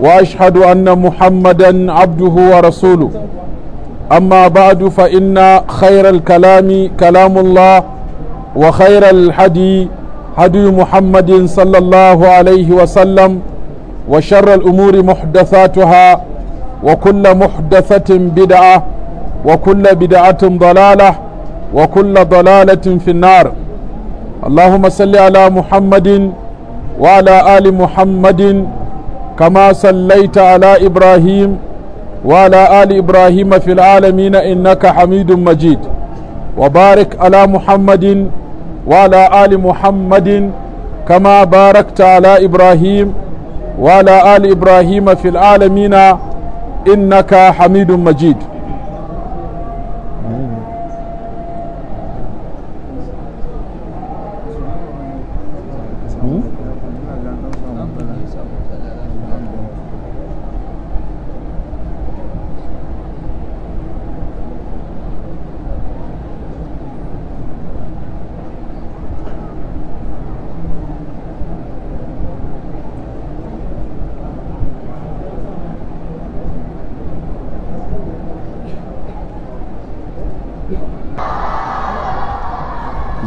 واشهد ان محمدا عبده ورسوله اما بعد فان خير الكلام كلام الله وخير الحدي هدي محمد صلى الله عليه وسلم وشر الامور محدثاتها وكل محدثه بدعه وكل بدعه ضلاله وكل ضلاله في النار اللهم صل على محمد وعلى ال محمد كما صليت على إبراهيم وعلى آل إبراهيم في العالمين إنك حميد مجيد وبارك على محمد وعلى آل محمد كما باركت على إبراهيم وعلى آل إبراهيم في العالمين إنك حميد مجيد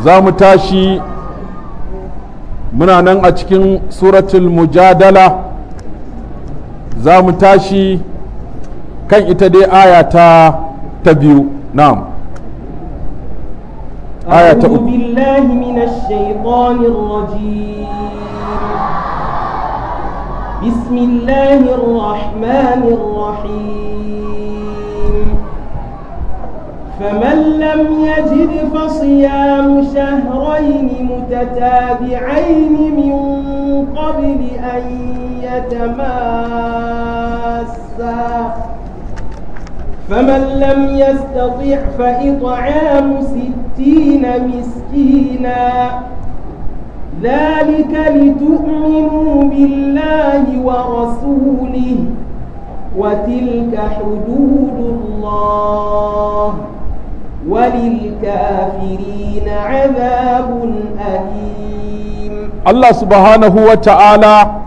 za mu tashi muna nan a cikin suratul mujadala za mu tashi kan ita dai aya ta ta biyu na'am aya ta uku billahi minash shaitanir rajim فمن لم يجد فصيام شهرين متتابعين من قبل أن يتماسا فمن لم يستطع فإطعام ستين مسكينا ذلك لتؤمنوا بالله ورسوله وتلك حدود الله allah subhanahu wa ta’ala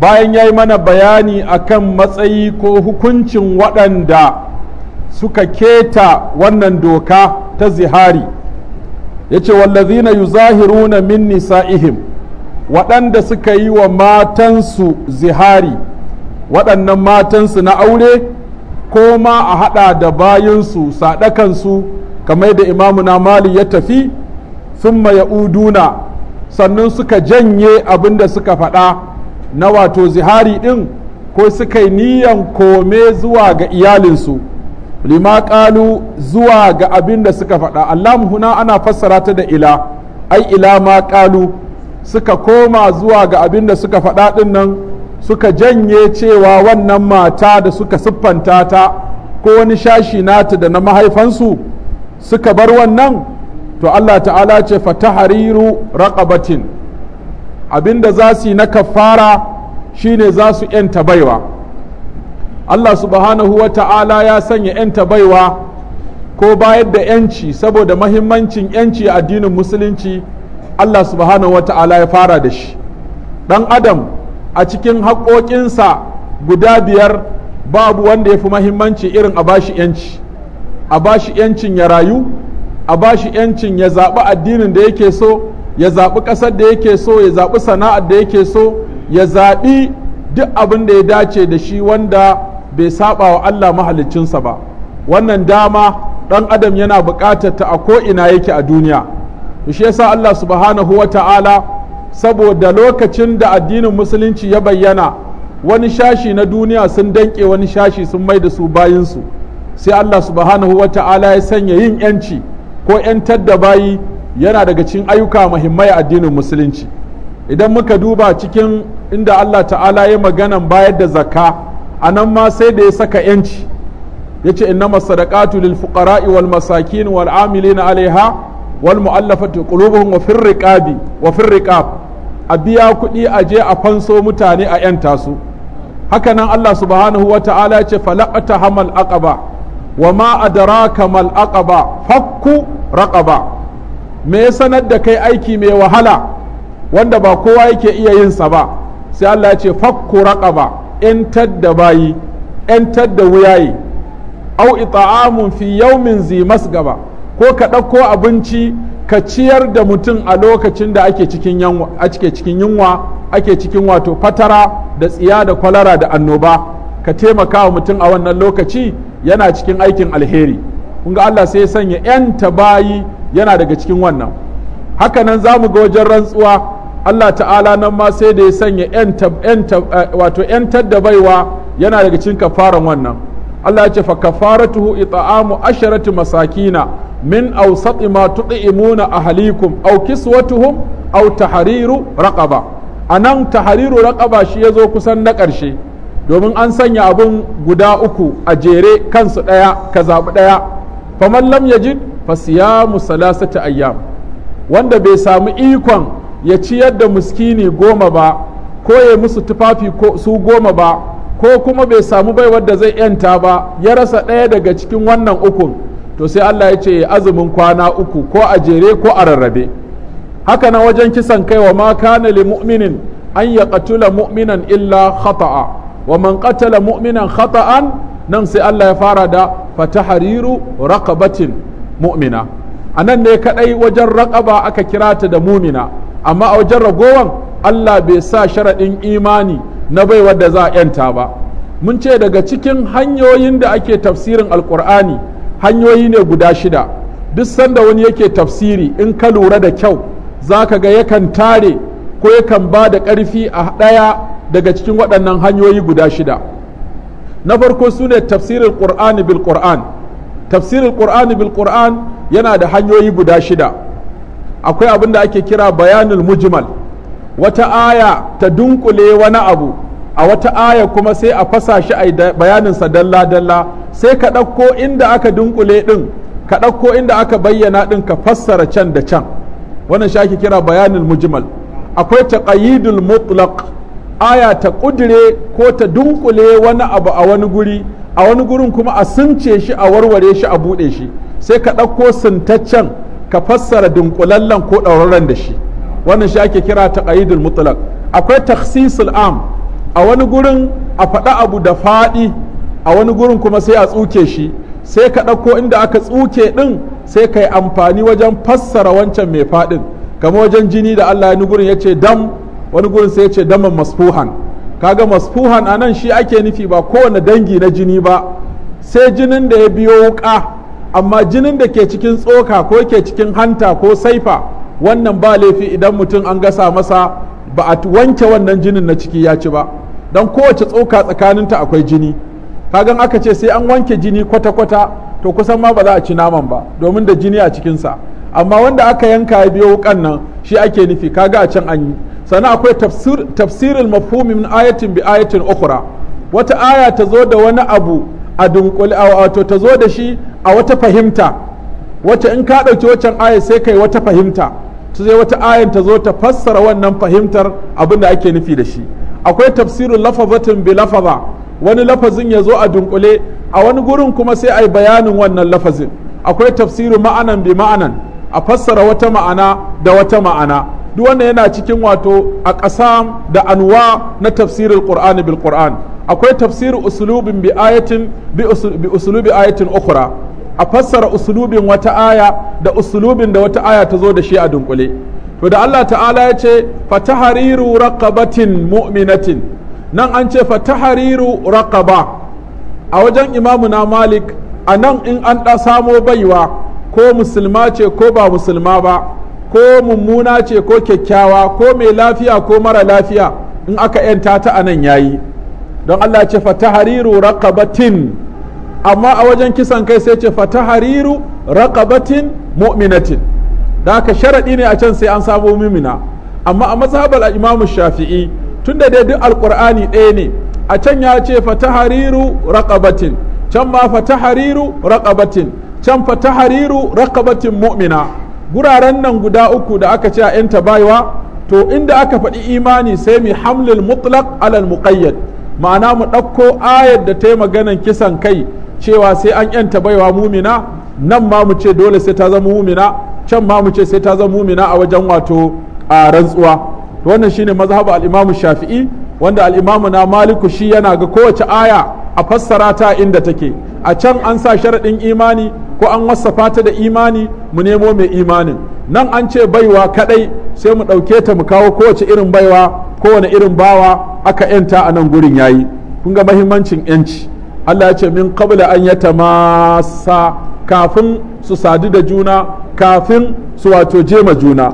bayan ya yi mana bayani akan matsayi ko hukuncin waɗanda suka keta wannan doka ta zihari ya ce wallazina yuzahiruna min ihim waɗanda suka yi wa matansu zihari waɗannan matansu na aure ko ma a haɗa da bayansu saɗakansu kamar da imamu na mali ya tafi sun uduna sannan suka janye abin da suka faɗa na wato zihari ɗin ko suka yi niyan kome zuwa ga iyalinsu lima ƙalu zuwa ga abin da suka faɗa allam huna ana fassara ta da ila ai ila ma ƙalu suka koma zuwa ga abin da suka faɗa ɗin nan suka janye cewa wannan mata da suka siffanta ta ko wani shashi nata da na mahaifansu suka bar wannan to Allah ta'ala ce fatahariru raqabatin abinda za su yi na kafara shine za su yanta baiwa Allah subhanahu wa ta'ala ya sanya yanta baiwa ko bayar da yanci saboda mahimmancin yanci a addinin musulunci Allah subhanahu wa ta'ala ya fara da shi dan adam a cikin haƙoƙinsa guda biyar babu wanda ya fi mahimmanci irin a bashi yanci a ba shi yancin ya rayu a ba shi yancin ya zaɓi addinin da yake so ya zaɓi ƙasar da yake so ya zaɓi sana'ar da yake so ya zaɓi duk abin da ya dace da shi wanda bai saɓa wa Allah mahaliccinsa ba wannan dama ɗan adam yana buƙatar ta a ko'ina yake a duniya shi yasa Allah subhanahu wa ta'ala saboda lokacin da addinin musulunci ya bayyana wani shashi na duniya sun danƙe wani shashi sun mai da su bayinsu sai Allah subhanahu wa ta'ala ya sanya yin yanci ko yantar da bayi yana daga cikin ayyuka muhimmai addinin musulunci idan muka duba cikin inda Allah ta'ala ya maganan bayar da zakka a nan ma sai da ya saka yanci ya ce inna sadaqatu lil fuqara'i wal masakin wal amilina alaiha wal mu'allafati qulubuhum wa fir riqabi wa fir riqab a biya kuɗi a je a fanso mutane a yanta su haka nan Allah subhanahu wa ta'ala ya ce falaqata hamal aqaba wa ma adraka mal fakku Raƙaba, me ya sanar da kai aiki mai wahala wanda ba kowa yake iya yin sa ba sai Allah ya ce fakku raqaba in da bayi in da wuyaye au ita'amun fi yawmin zi masgaba ko ka ɗauko abinci ka ciyar da mutum a lokacin da ake cikin yunwa ake cikin yunwa ake cikin wato fatara da tsiya da kwalara da annoba ka taimaka wa mutum a wannan lokaci yana cikin aikin alheri kun Allah sai ya sanya 'yanta bayi yana daga cikin wannan hakanan za mu ga wajen rantsuwa Allah ta'ala nan ma sai da ya sanya eh, wato 'yantar da baiwa yana daga cikin kafaran wannan Allah ya ce fa kafaratuhu it'amu asharati masakina min awsati ma tud'imuna ahlikum aw kiswatuhum aw tahriru raqaba anan tahriru raqaba shi yazo kusan na ƙarshe domin an sanya abun guda uku a jere kansu ɗaya ka zaɓi ɗaya faman lam yajid fasiyamu salasata ayyam wanda bai samu ikon ya ci yadda muskini goma ba ko ya musu tufafi su goma ba ko kuma bai samu bai wadda zai yanta ba ya rasa ɗaya daga cikin wannan ukun to sai Allah ya ce azumin kwana uku ko a jere ko a rarrabe haka na wajen kisan kai wa ma kana lil mu'minin an yaqtula mu'minan illa khata'a wa man qatala mu'minan khata'an nan sai Allah ya fara da fatahariru raqabatin mu'mina anan ne kadai wajen raqaba aka kira ta da mu'mina amma a wajen ragowan Allah bai sa sharaɗin imani na bai wadda za a yanta ba mun ce daga cikin hanyoyin da ake tafsirin alkur'ani hanyoyi ne guda shida duk sanda wani yake tafsiri in ka lura da kyau za ga yakan tare ko yakan ba da ƙarfi a ɗaya daga cikin waɗannan hanyoyi guda shida na farko su ne tafsirin ƙur'ani bil ƙur'an tafsirin ƙur'ani bil ƙur'an yana da hanyoyi guda shida akwai abin da ake kira bayanin mujmal wata aya ta dunkule wani abu a wata aya kuma sai a fasa shi a bayaninsa dalla-dalla sai ka ɗauko inda aka dunkule ɗin ka ɗauko inda aka bayyana ɗin ka fassara can da can wannan shi ake kira bayanin mujmal akwai taqayyidul mutlaq aya ta ƙudire ko ta dunkule wani abu a wani guri a wani gurin kuma a sunce shi a warware shi a buɗe shi sai ka ɗauko sintaccen ka fassara dunkulallen ko ɗauraren da shi wannan shi ake kira taqayyidul mutlaq akwai takhsisul am a wani gurin a faɗa abu da faɗi a wani gurin kuma sai a tsuke shi sai ka ɗauko inda aka tsuke ɗin sai ka yi amfani wajen fassara wancan mai faɗin kamar wajen jini da Allah ya gurin ya ce dam wani gurin sai ya ce daman masfuhan kaga masfuhan anan shi ake nufi ba kowane dangi na jini ba sai jinin da ya biyo wuka amma jinin da ke cikin tsoka ko ke cikin hanta ko saifa wannan ba laifi idan mutum an gasa masa ba a wanke wannan jinin na ciki ya ci ba don kowace tsoka tsakaninta akwai jini kagan aka ce sai an wanke jini kwata-kwata to kusan ma ba za a ci naman ba domin da jini a cikinsa amma wanda aka yanka ya biyo wukan nan shi ake nufi kaga a can an yi sannan akwai tafsirin tafsirul mafhumi min ayatin bi ayatin ukhra wata aya ta zo da wani abu a dunkule wato ta zo da shi a wata fahimta wata in ka ɗauki waccan aya sai kai wata fahimta ta zai wata ayan ta zo ta fassara wannan fahimtar abin da ake nufi da shi akwai tafsirin lafazatin bi lafaza wani lafazin ya zo a dunkule a wani gurin kuma sai a yi bayanin wannan lafazin akwai tafsirin ma'anan bi ma'anan a fassara wata ma'ana da wata ma'ana duk wannan yana cikin wato a ƙasa da anwa na tafsirin qur'ani bil qur'an akwai tafsir usulubin bi ayatin bi usulubi ayatin ukhra a fassara usulubin wata aya da usulubin da wata aya ta zo da shi a dunkule to da Allah ta'ala ya ce fatahariru raqabatin mu'minatin nan an ce fatahariru raqaba a wajen imamu na malik a nan in an ɗa samo baiwa ko musulma ce ko ba musulma ba ko mummuna ce ko kyakkyawa ko mai lafiya ko mara lafiya in aka yanta ta a nan yayi don Allah ce fatahariru raqabatin amma a wajen kisan kai sai ce fatahariru raqabatin mu'minatin da haka sharaɗi ne a can sai an samo mumina amma a mazhabal imam shafi'i tunda dai duk alqur'ani ɗaya ne a can ya ce fatahariru raqabatin can ma fatahariru raqabatin can fa hariru raqabatin mu'mina guraren nan guda uku da aka ce a yanta baiwa to inda aka faɗi imani sai mu hamlil mutlaq alal muqayyad ma'ana mu ɗauko ayar da ta yi maganan kisan kai cewa sai an yanta baiwa mumina nan ma mu ce dole sai ta zama mumina can ma mu ce sai ta zama mumina a wajen wato a rantsuwa wannan shine mazhabu al-imamu shafi'i wanda al-imamu na maliku shi yana ga kowace aya a fassara ta inda take a can an sa sharaɗin imani ko an wasafa ta da imani mu nemo mai imanin nan an ce baiwa kadai sai mu ɗauke ta mu kawo kowace irin baiwa kowane irin bawa aka yanta a nan gurin yayi kun ga mahimmancin yanci Allah ya ce min qabla an yatamasa kafin su sadu da juna kafin su wato jema juna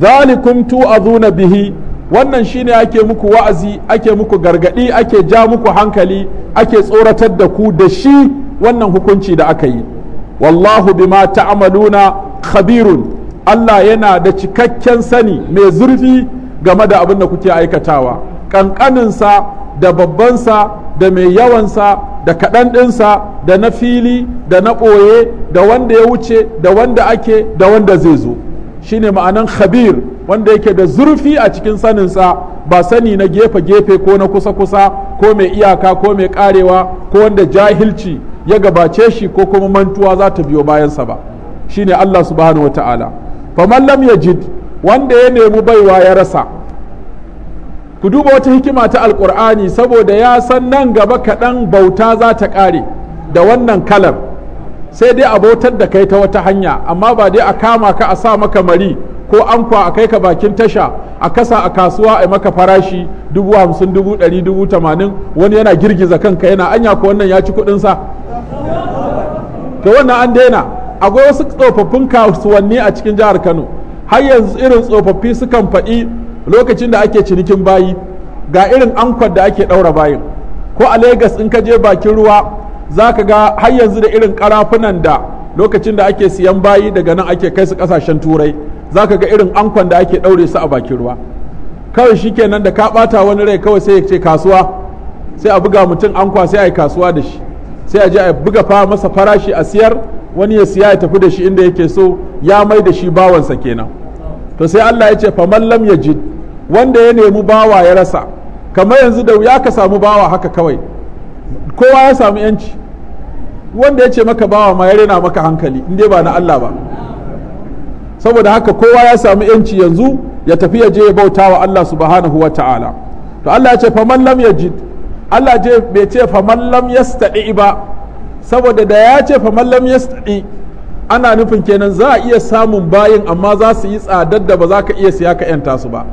zalikum tu'azuna bihi wannan shine ake muku wa'azi ake muku gargadi ake ja muku hankali ake tsoratar da ku da shi wannan hukunci da aka yi wallahu bima ta'amaluna khabirun Allah yana da cikakken sani mai zurfi game da abin da kuke aikatawa ƙanƙaninsa da babbansa da mai yawansa da kaɗan ɗinsa da na fili da na ɓoye da wanda ya wuce da wanda ake da wanda zai zo shine ma'anan khabir wanda yake da zurfi a cikin saninsa ba sani na gefe-gefe ko na kusa-kusa ko mai iyaka ko mai karewa ko wanda jahilci ya gabace shi ko kuma mantuwa za ta biyo bayansa ba Shi ne Allah subhanahu wata'ala faman lam yajid wanda ya nemi baiwa ya rasa ku duba wata hikima ta alkur'ani saboda ya san nan gaba kaɗan bauta za ta ƙare da wannan kalar sai dai a bautar da kai ta wata hanya amma ba dai a kama ka a sa maka mari ko ankwa a kai ka bakin tasha a kasa a kasuwa a maka farashi dubu hamsin dubu ɗari dubu tamanin wani yana girgiza kanka yana anya ko wannan ya ci kuɗinsa ta wannan an daina akwai wasu tsofaffin kasuwanni a cikin jihar kano har yanzu irin tsofaffi sukan faɗi lokacin da ake cinikin bayi ga irin ankwan da ake ɗaura bayin ko a Legas in ka je bakin ruwa za ka ga har yanzu da irin karafunan da lokacin da ake siyan bayi daga nan ake kai su ƙasashen turai za ka ga irin ankon da ake ɗaure su a bakin ruwa kawai shi kenan da ka ɓata wani rai kawai sai ya ce kasuwa sai a buga mutum ankwa sai a yi kasuwa da shi sai a je a buga fa masa farashi a siyar wani ya siya ya tafi da shi inda yake so ya mai da shi bawansa kenan to sai Allah ya ce fa mallam ya ji wanda ya nemi bawa ya rasa kamar yanzu da ya ka samu bawa haka kawai kowa ya samu yanci wanda ya ce maka bawa ma ya rena maka hankali in dai ba na Allah ba saboda haka kowa ya samu yanci yanzu ya tafi ya je ya bauta wa Allah subhanahu wa ta'ala to Allah ya ce faman lam yajid Allah je bai ce faman lam yastadi ba saboda da ya ce faman lam yastadi ana nufin kenan za a iya samun bayin amma za su yi tsadar da ba za ka iya siya ka yanta su ba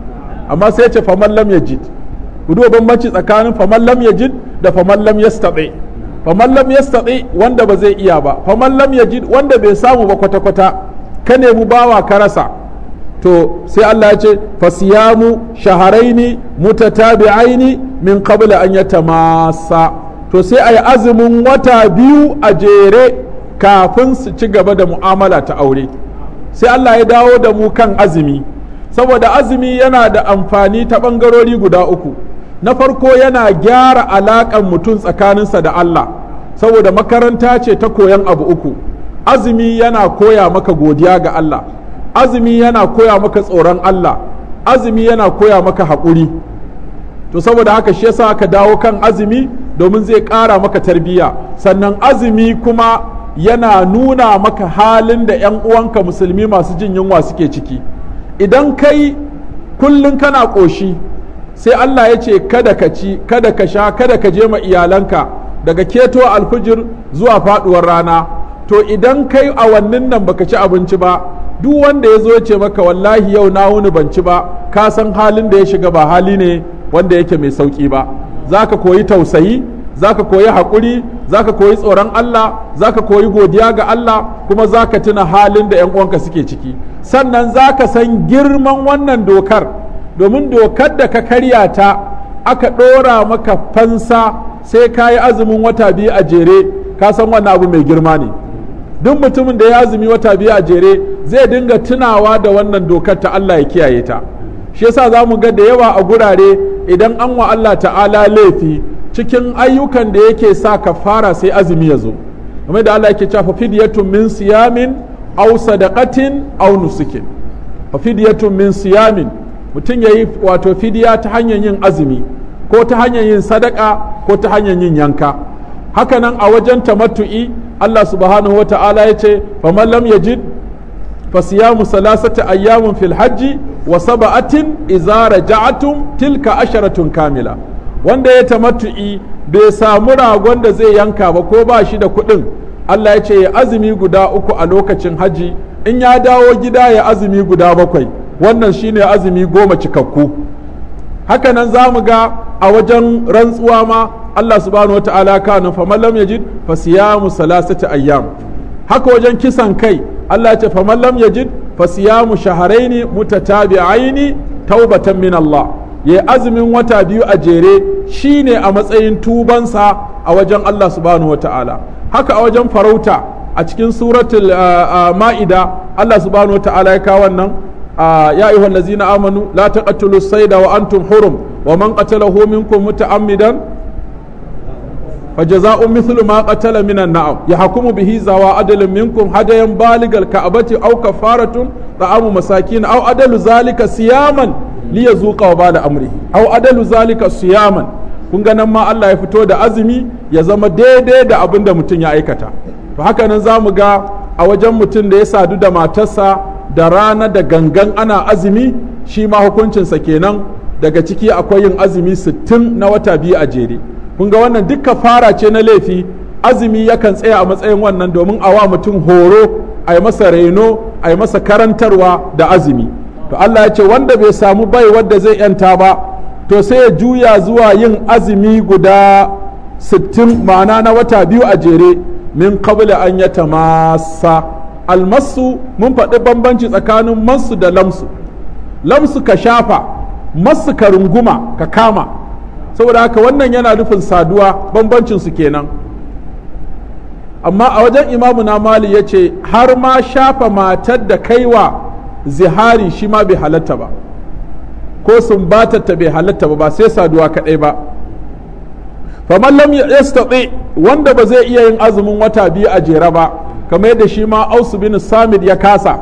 amma sai ce faman lam yajid ku duba bambanci tsakanin faman lam yajid da faman lam yastadi faman lam yastadi wanda ba zai iya ba faman lam yajid wanda bai samu ba kwata kwata ka nemi bawa ka rasa to sai Allah ya ce fasiyamu shaharaini mutatabi'aini min qabla an yatamasa to sai ayi azumin wata biyu a jere kafin su ci gaba da mu'amala ta aure sai Allah ya dawo da mu kan azumi saboda azumi yana da amfani ta bangarori guda uku na farko yana gyara alaƙar mutum tsakaninsa da Allah saboda makaranta ce ta koyan abu uku azumi yana koya maka godiya ga Allah azumi yana koya maka tsoron Allah azumi yana koya maka haƙuri to saboda haka shi yasa ka dawo kan azumi domin zai ƙara maka tarbiyya sannan azumi kuma yana nuna maka halin da 'yan uwanka musulmi masu jin yunwa suke ciki idan kai kullum kana ƙoshi sai Allah ya ce kada ka ci kada ka sha kada ka je ma iyalanka daga keto alfijir zuwa faɗuwar rana to idan kai awannin nan baka ci abinci ba duk wanda ya zo ce maka wallahi yau na wuni ban ci ba ka san halin da ya shiga ba hali ne wanda yake mai sauki ba za ka koyi tausayi za ka koyi haƙuri za ka koyi tsoron Allah za ka koyi godiya ga Allah kuma za ka tuna halin da 'yan uwanka suke ciki sannan za ka san girman wannan dokar domin dokar da ka karya ta aka ɗora maka fansa sai ka yi azumin wata biyu a jere ka san wannan abu mai girma ne duk mutumin da ya azumi wata biyu a jere zai dinga tunawa da wannan dokar ta Allah ya kiyaye ta shi yasa za mu ga da yawa a gurare idan an wa Allah ta'ala laifi cikin ayyukan da yake sa ka fara sai azumi ya zo kamar da Allah yake cewa fa fidyatun min siyamin aw sadaqatin aw nusukin fa fidyatun min siyamin mutum yayi wato fidiya ta hanyar yin azumi ko ta hanyar yin sadaka ko ta hanyar yin yanka hakanan a wajen tamattu'i Allah subhanahu wa ta'ala ya ce faman lam yajid siyamu salasata ayyamin fil hajji wa saba'atin idza raja'tum tilka asharatun kamila wanda ya tamattu'i bai samu ragon da zai yanka ba ko ba shi da kuɗin Allah ya ce ya azumi guda uku a lokacin haji in ya dawo gida ya azumi guda bakwai wannan shine azumi goma cikakku hakanan za mu ga a wajen rantsuwa ma Allah subhanahu wata'ala kana faman lam yajid fa siyamu salasati ayyam haka wajen kisan kai Allah ce faman lam yajid fa siyamu shahraini mutatabi'aini taubatan min Allah ya azumin wata biyu a jere shine a matsayin tubansa a wajen Allah subhanahu wata'ala haka a wajen farauta a cikin suratul ah, ah, ma'ida Allah subhanahu wata'ala ya kawo wannan ya a yi amanu la taƙa tulu da wa an tun horon wa man ka talo homin ku ta an midan wajen zaɓen minan na an bihi zaɓe a adalin minku haɗayan baligar ka'a ba ce au ka adalu za lika siya min wa bada amri an adalu za lika siya min ma Allah ya fito da azumi ya zama daidai da abinda da mutum ya aikata to hakan za mu ga a wajen mutum da ya sadu da matarsa. da rana da gangan ana azumi shi ma hukuncinsa kenan daga ciki akwai yin azumi sittin na wata biyu a jere kun ga wannan duka fara ce na laifi azumi yakan tsaya a matsayin wannan domin a wa mutum horo a yi masa reno a yi masa karantarwa da azumi to Allah ya ce wanda bai samu bai wadda zai yanta ba to sai ya juya zuwa yin azumi guda sittin ma'ana na wata biyu a jere min qabla an masa. almasu mun faɗi bambanci tsakanin masu da lamsu lamsu ka shafa masu ka runguma ka kama saboda haka wannan yana nufin saduwa bambancinsu kenan amma a wajen imamu na mali ya ce har ma shafa matar da kaiwa zihari shi ma bai halatta ba ko sun ta bai halatta ba ba sai saduwa kaɗai ba famallon ya wanda ba zai iya yin azumin wata biyu a jere ba kamar yadda shi ma ausu bin samid ya kasa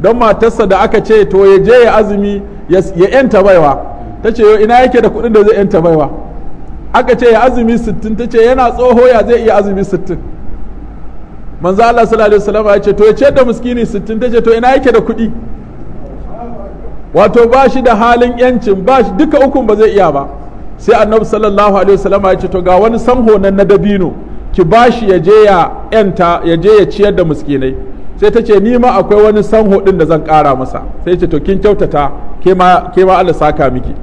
don matarsa da aka ce to ya je ya azumi ya yanta baiwa ta ce ina yake da kuɗin da zai yanta baiwa aka ce ya azumi sittin ta ce yana tsoho ya zai iya azumi sittin manzo Allah sallallahu alaihi wasallam ya ce to ya ce da miskini sittin ta ce to ina yake da kuɗi wato ba shi da halin yancin ba shi duka ukun ba zai iya ba sai annabi sallallahu alaihi wasallam ya ce to ga wani samho nan na dabino ki ba shi ya je ya yanta ya je ya ciyar da miskinai sai ta ce ni ma akwai wani sanho din da zan kara masa sai ce to kin kyautata ke ma ke ma Allah saka miki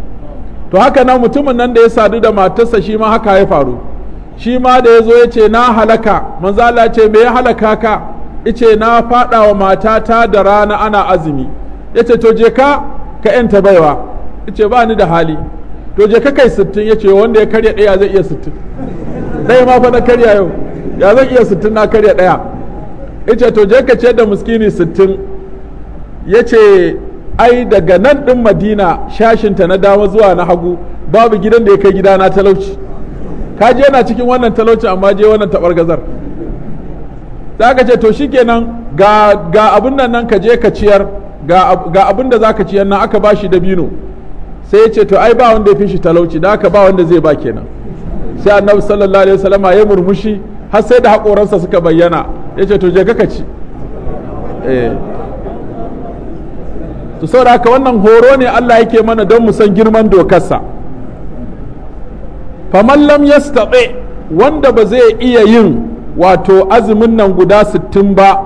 to haka nan mutumin nan da ya sadu da matarsa shi ma haka ya faru shi ma da ya zo ya ce na halaka manzo Allah ce me ya halaka ka yace na fada wa matata da rana ana azumi yace to je ka ka yanta baiwa yace ba ni da hali to je ka kai sittin yace wanda ya karya ɗaya zai iya sittin ɗaya ma fa na karya yau ya zan iya sittin na karya ɗaya ice to je ka ce da muskini sittin ya ce ai daga nan ɗin madina shashinta na dama zuwa na hagu babu gidan da ya kai gida na talauci ka je yana cikin wannan talauci amma je wannan tabar gazar za ka ce to shikenan ga ga abin nan nan ka je ka ciyar ga abin da za ka ciyar nan aka bashi dabino sai ya ce to ai ba wanda ya fi shi talauci da aka ba wanda zai ba kenan sai annabi sallallahu alaihi wasallam ya murmushi har sai da haƙoransa suka bayyana yace to je ka ci eh to saboda haka wannan horo ne Allah yake mana don mu san girman dokarsa faman lam yastaɓe wanda ba zai iya yin wato azumin nan guda sittin ba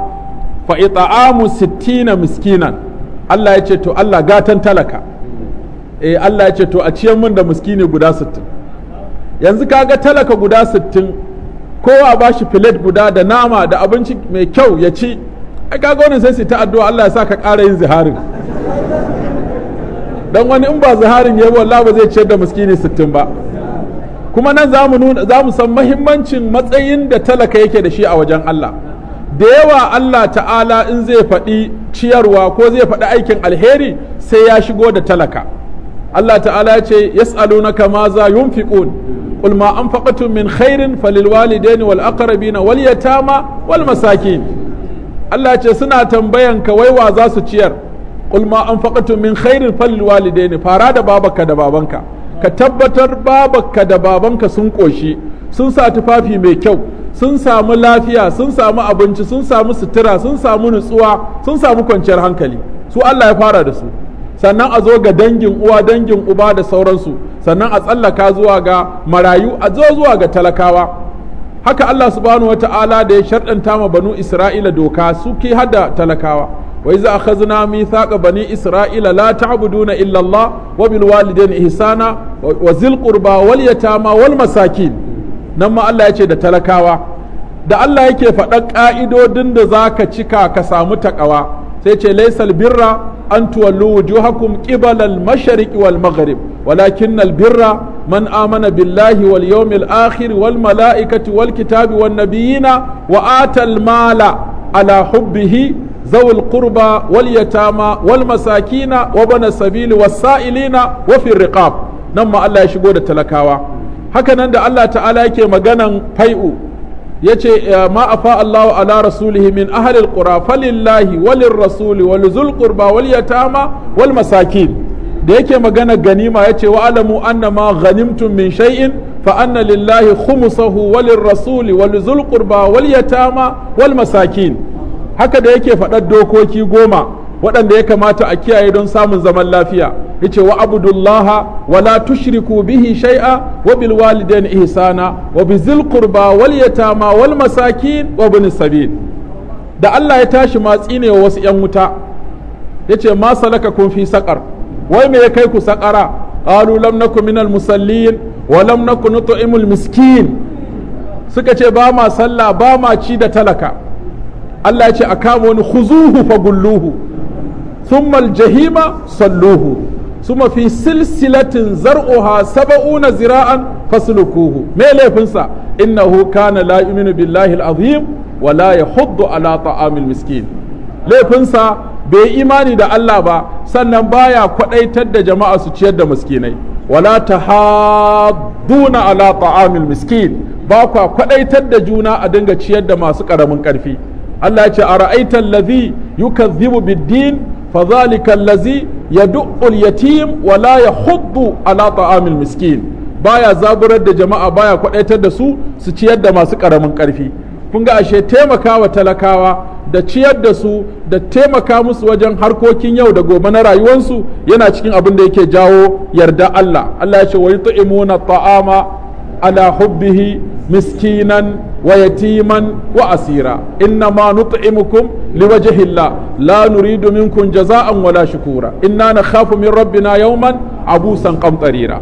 fa ita'amu sittina miskinan Allah ya ce to Allah gatan talaka eh Allah ya ce to a ciyan mun da miskini guda sittin yanzu kaga talaka guda sittin kowa ba shi filet guda da nama da abinci mai kyau ya ci ai kaga wannan sai su ta addu'a Allah ya sa ka ƙara yin ziharin dan wani in ba ziharin yayi wallahi ba zai ciyar da miskini sittin ba kuma nan zamu nuna zamu san muhimmancin matsayin da talaka yake da shi a wajen Allah da yawa Allah ta'ala in zai faɗi ciyarwa ko zai faɗi aikin alheri sai ya shigo da talaka Allah ta'ala ya ce yas'alunaka ma za yunfiqun قل ما أنفقتم من خير فللوالدين wal واليتامى والمساكين Allah ce suna tambayan ka wai wa za su ciyar qul ma anfaqtum min khairin falilwalidaini fara da babanka da babanka ka tabbatar babaka da babanka sun ƙoshi sun sa tufafi mai kyau sun samu lafiya sun samu abinci sun samu sutura sun samu nutsuwa sun samu kwanciyar hankali su Allah ya fara da su sannan a zo ga dangin uwa dangin uba da sauransu sannan a tsallaka zuwa ga marayu a zo zuwa ga talakawa haka Allah subhanahu ta'ala da ya sharɗanta ma banu Isra'ila doka suke hada talakawa wa iza akhazna mithaqa bani isra'ila la ta'buduna illa Allah wa bil walidayni ihsana wa zil qurba wal yatama wal masakin nan ma Allah ya ce da talakawa da Allah yake faɗa ka'idodin da zaka cika ka samu takawa sai ce laysal birra an tuwallu wujuhakum qibala al-mashriqi wal maghrib walakin al-birra man amana billahi wal yawmil akhir wal malaikati wal kitabi wan nabiyina wa atal mala ala hubbihi zawul qurba wal yatama wal masakina wa bana sabili was sa'ilina wa fi nan ma Allah shigo da talakawa hakanan da Allah ta'ala yake maganan fai'u yace ma afa Allah ala rasulihi min ahli alqura falillahi walir rasul wal zul qurba wal yatama wal masakin da yake magana ganima yace wa alamu anna ma ghanimtum min shay'in fa anna lillahi khumsahu walir rasul wal zul qurba wal yatama wal masakin haka da yake faɗar dokoki goma waɗanda ya kamata a kiyaye don samun zaman lafiya yace wa abudullaha wa la tushriku bihi shay'a wa bil walidaini ihsana wa bizil qurba wal yatama wal masakin wa bin sabil da Allah ya tashi matsi ne wa wasu yan wuta yace ma salaka kun fi saqar wai me ya kai ku saqara qalu lam nakum minal musallin wa lam nakun nut'imul miskin suka ce ba ma sallah ba ma ci da talaka Allah ya ce a kama wani khuzuhu fa gulluhu ثم الجهيم صلوه ثم في سلسلة زرعها سبعون ذراعا فسلكوه ما ليفنسا إنه كان لا يؤمن بالله العظيم ولا يحض على طعام المسكين ليفنسا bai imani da Allah ba sannan baya kwadaitar da jama'a su ciyar da miskinai wala haduna ala ta'amil miskin ba kwa kwadaitar da juna a dinga ciyar da masu karamin karfi Allah ya ce ara'aita allazi yukazzibu biddin فذلك الذي يدع اليتيم ولا يحض على طعام المسكين baya zaburar da jama'a baya kwadaitar da su su ciyar da masu karamin karfi kun ga ashe taimakawa talakawa da ciyar da su da taimaka musu wajen harkokin yau da gobe na rayuwarsu yana cikin abin da yake jawo yarda Allah Allah ya ce wa yut'imuna ta'ama ala hubbihi miskinan wa yatiman wa asira inna ma nut'imukum liwajhi Allah la nuridu minkum jaza'an wala shukura inna nakhafu min rabbina yawman abusan qamtarira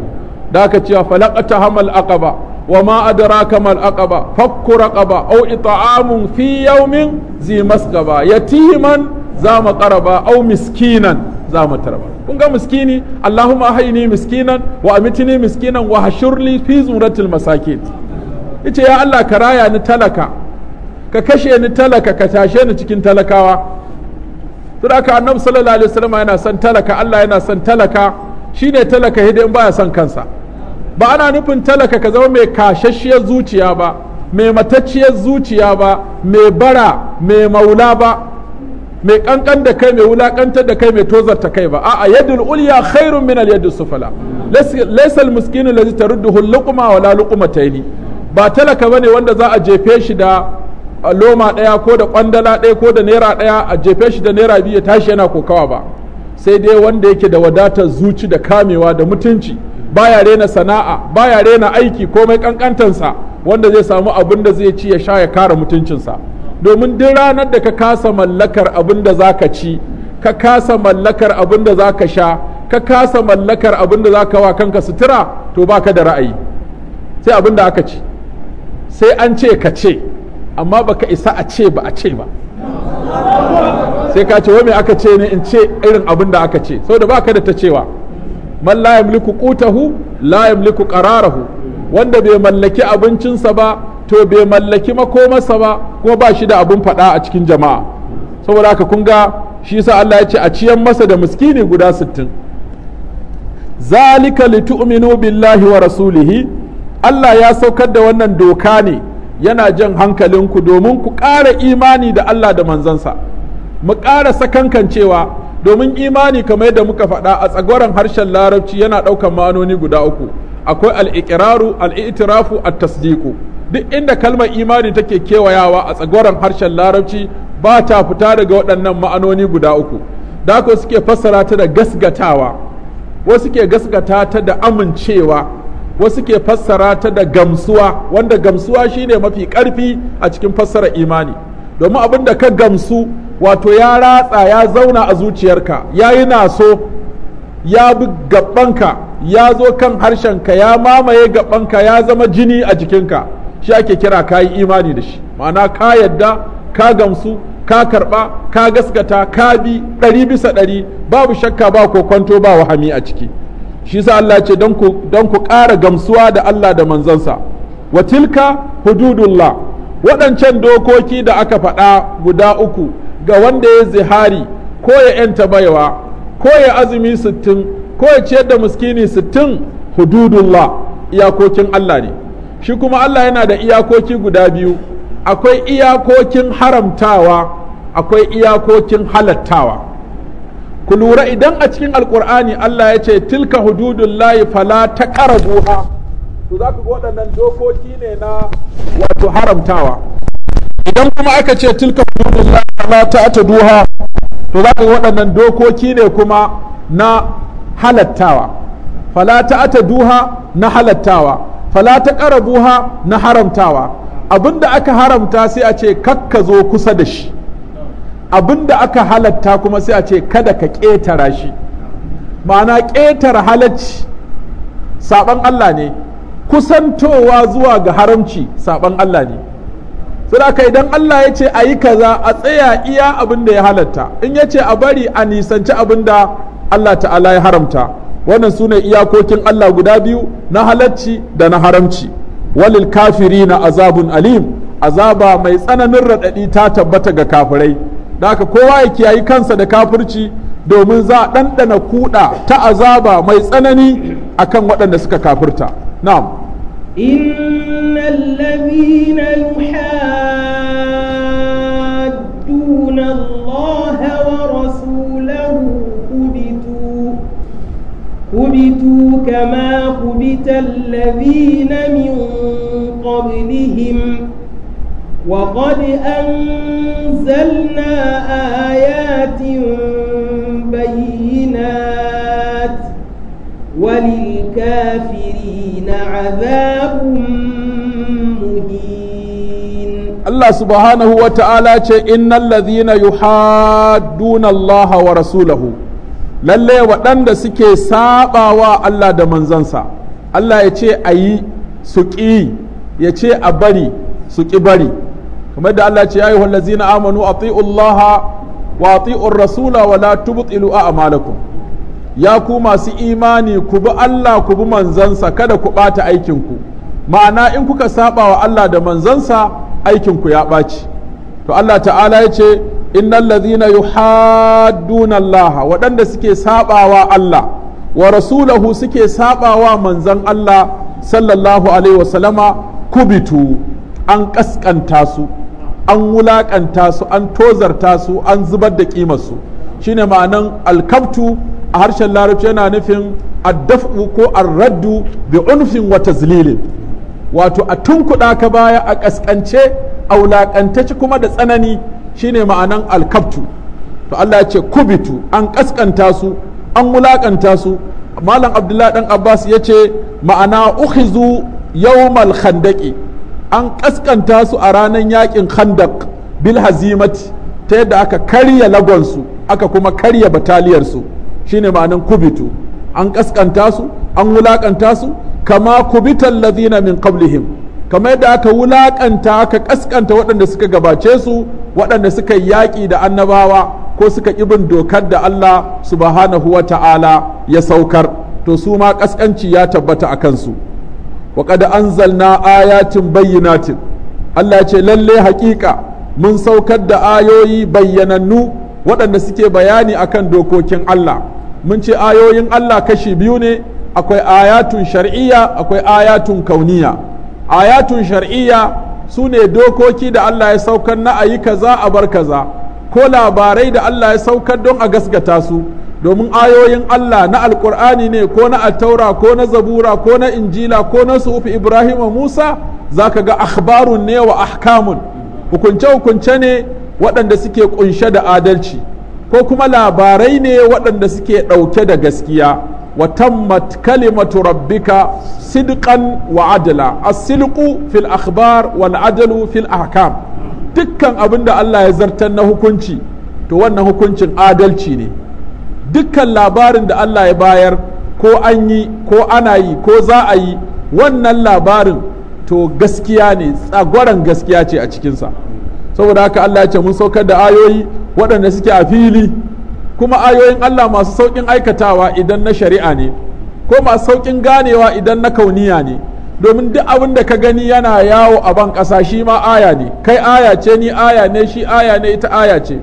da ka cewa falaqata hamal aqaba wa ma adraka mal aqaba fakku raqaba aw it'amun fi yawmin zi masqaba yatiman za mu qaraba aw miskinan za mu tarba kun ga miskini Allahumma hayni miskinan wa a amitni miskinan wa hashurli fi zuratil masakin yace ya Allah ka raya ni talaka ka kashe ni talaka ka tashe ni cikin talakawa saboda haka annabi sallallahu alaihi wasallam yana son talaka Allah yana son talaka shine talaka hidin baya son kansa ba ana nufin talaka ka zama mai kashashiyar zuciya ba mai matacciyar zuciya ba mai bara mai maula ba mai kankan da kai mai wulakantar da kai mai tozarta kai ba a'a yadul ulya khairun min al yadus sufala laysa al miskinu allazi tarudduhu luqma wala luqmataini ba talaka bane wanda za a jefe shi da loma ɗaya ko da kwandala ɗaya ko da naira ɗaya a jefe shi da naira biyu ya tashi yana kokawa ba sai dai wanda yake da wadatar zuci da kamewa da mutunci baya rena sana'a baya rena aiki komai kankantansa wanda zai samu abin da zai ci ya sha ya kara mutuncinsa domin duk ranar da ka kasa mallakar abin da za ka ci ka kasa mallakar abin da za ka sha ka kasa mallakar abin da za ka wa kanka sutura to baka da ra'ayi sai abin da aka ci sai an ce ka ce amma baka isa a ce ba a ce ba sai ka ce wani aka ce ne in ce irin abin da aka ce saboda baka da ta cewa man la yamliku qutahu la yamliku qararahu wanda bai mallaki abincinsa ba to bai mallaki makomarsa ba kuma ba shi da abin faɗa a cikin jama'a saboda haka kun ga shi sa Allah ya ce a ciyan masa da miskini guda sittin zalika litu'minu billahi wa rasulihi Allah ya saukar da wannan doka ne yana jan hankalinku domin ku ƙara imani da Allah da manzansa mu ƙara sakankancewa domin imani kamar yadda muka faɗa a tsagoran harshen larabci yana ɗaukan ma'anoni guda uku akwai al'ikiraru al'itirafu a tasdiku. duk inda kalmar imani take kewayawa a tsagoran harshen larabci ba ta fita daga waɗannan ma'anoni guda uku da suke fassara ta da gasgatawa wasu ke gasgata ta da amincewa wasu ke fassara ta da gamsuwa wanda gamsuwa shine mafi karfi a cikin fassara imani domin abin da ka gamsu wato ya ratsa ya zauna a zuciyarka ya yi naso ya bi gabanka ya zo kan harshenka ya mamaye gabanka ya zama jini a jikinka shi ake kira ka yi imani da shi ma'ana ka yadda ka gamsu ka karba ka gaskata ka bi ɗari bisa ɗari babu shakka ba ko kwanto ba wahami a ciki shi sa Allah ce don ku ƙara gamsuwa da Allah da manzansa wa tilka hududullah waɗancan dokoki da aka faɗa guda uku ga wanda ya zihari ko ya ‘yanta baiwa ko ya azumi sittin ko ya ciyar da muskini sittin hududullah iyakokin Allah ne shi kuma Allah yana da iyakoki guda biyu akwai iyakokin haramtawa akwai iyakokin halattawa ku lura idan a cikin alkur'ani Allah ya ce tilka hududullahi fala buha, to za ku ga waɗannan dokoki ne na wato haramtawa idan kuma aka ce tilka hududullahi fala duha, to za ku ga waɗannan dokoki ne kuma na halattawa fala duha na halattawa fala buha na haramtawa abinda aka haramta sai a ce kakka zo kusa da shi abin da aka halatta kuma sai a ce kada ka ƙetara shi ma'ana ƙetara halacci saɓan Allah ne kusantowa zuwa ga haramci saɓan Allah ne aka idan Allah ya ce a yi kaza a tsaya iya abin da ya halatta in ya ce a bari a nisanci abin da Allah ta'ala ya haramta wannan su ne iyakokin Allah guda biyu na halacci da na haramci walil kafiri na azabun alim azaba mai tsananin raɗaɗi ta tabbata ga kafirai da haka kowa ya kiyayi kansa da kafirci domin za a ɗanɗana kuɗa ta azaba mai tsanani a kan waɗanda suka kafirta na'am إن الذين يحادون كبتوا كما كبت الذين من قبلهم وقد أنزلنا آيات بينات وللكافرين عذاب مهين الله سبحانه وتعالى إن الذين يحادون الله ورسوله lalle waɗanda suke saɓawa Allah da manzansa Allah ya ce a yi su ƙi ya ce a bari su ƙi bari kamar da Allah ce ya ayyuhal ladzina amanu ati'u Allah wa rasula wa la tubtilu a'malakum ya ku masu imani ku bi Allah ku bi manzansa kada ku bata aikin ku ma'ana in kuka saba wa Allah da manzansa aikinku ya ɓaci to Allah ta'ala ya ce innal ladzina yuhadduna Allah waɗanda suke sabawa Allah wa rasulahu suke sabawa manzan Allah sallallahu alaihi wasallama kubitu an kaskanta su an wulaƙanta su an tozarta su an zubar da ƙimarsu shine ma'anan alkabtu a harshen larabci yana nufin a addaf'u ko arraddu bi unfin wata tazlilin wato a tunkuɗa ka baya a ƙasƙance a wulaƙantaci kuma da tsanani shine ma'anan alkabtu to Allah ya ce kubitu an ƙasƙanta su an wulaƙanta su malam abdullahi dan abbas ya ce ma'ana ukhizu yawmal khandaqi an ƙasƙanta su a ranar yaƙin khandak bil hazimati ta yadda aka karya lagonsu aka kuma karya bataliyarsu shine ma'anin kubitu an ƙasƙanta su an wulaƙanta su kama kubitan lazina min qablihim Kama yadda aka wulaƙanta, aka ƙasƙanta waɗanda suka gabace su waɗanda suka yaƙi da annabawa ko suka ibin dokar da Allah subhanahu wa ta'ala ya saukar to su ma kaskanci ya tabbata a kansu wa qad anzalna ayatin bayyinatin Allah ce lalle haƙiƙa mun saukar da ayoyi bayyanannu waɗanda suke bayani akan dokokin Allah mun ce ayoyin Allah kashi biyu ne akwai ayatun shar'iyya akwai ayatun kauniya ayatun shar'iyya su ne dokoki da Allah ya saukar na ayi kaza a bar kaza ko labarai da Allah ya saukar don a gasgata su domin ayoyin Allah na alkur'ani ne ko na attaura ko na zabura ko na injila ko na sufi ibrahim musa zaka ga akhbarun ne wa ahkamun hukunce hukunce ne waɗanda suke kunshe da adalci ko kuma labarai ne waɗanda suke ɗauke da gaskiya wa tammat kalimatu rabbika sidqan wa adala as-silqu fil akhbar wal adalu fil ahkam dukkan abinda Allah ya zartar na hukunci to wannan hukuncin adalci ne dukkan labarin da Allah ya bayar ko an yi ko ana yi ko za a yi wannan labarin to gaskiya ne tsagwaron gaskiya ce a cikinsa saboda haka Allah ya ce mun saukar da ayoyi waɗanda suke a fili kuma ayoyin Allah masu sauƙin aikatawa idan na shari'a ne ko masu sauƙin ganewa idan na kauniya ne domin duk abin da ka gani yana yawo a ban ƙasa shi ma aya ne kai aya ce ni aya ne shi aya ne ita aya ce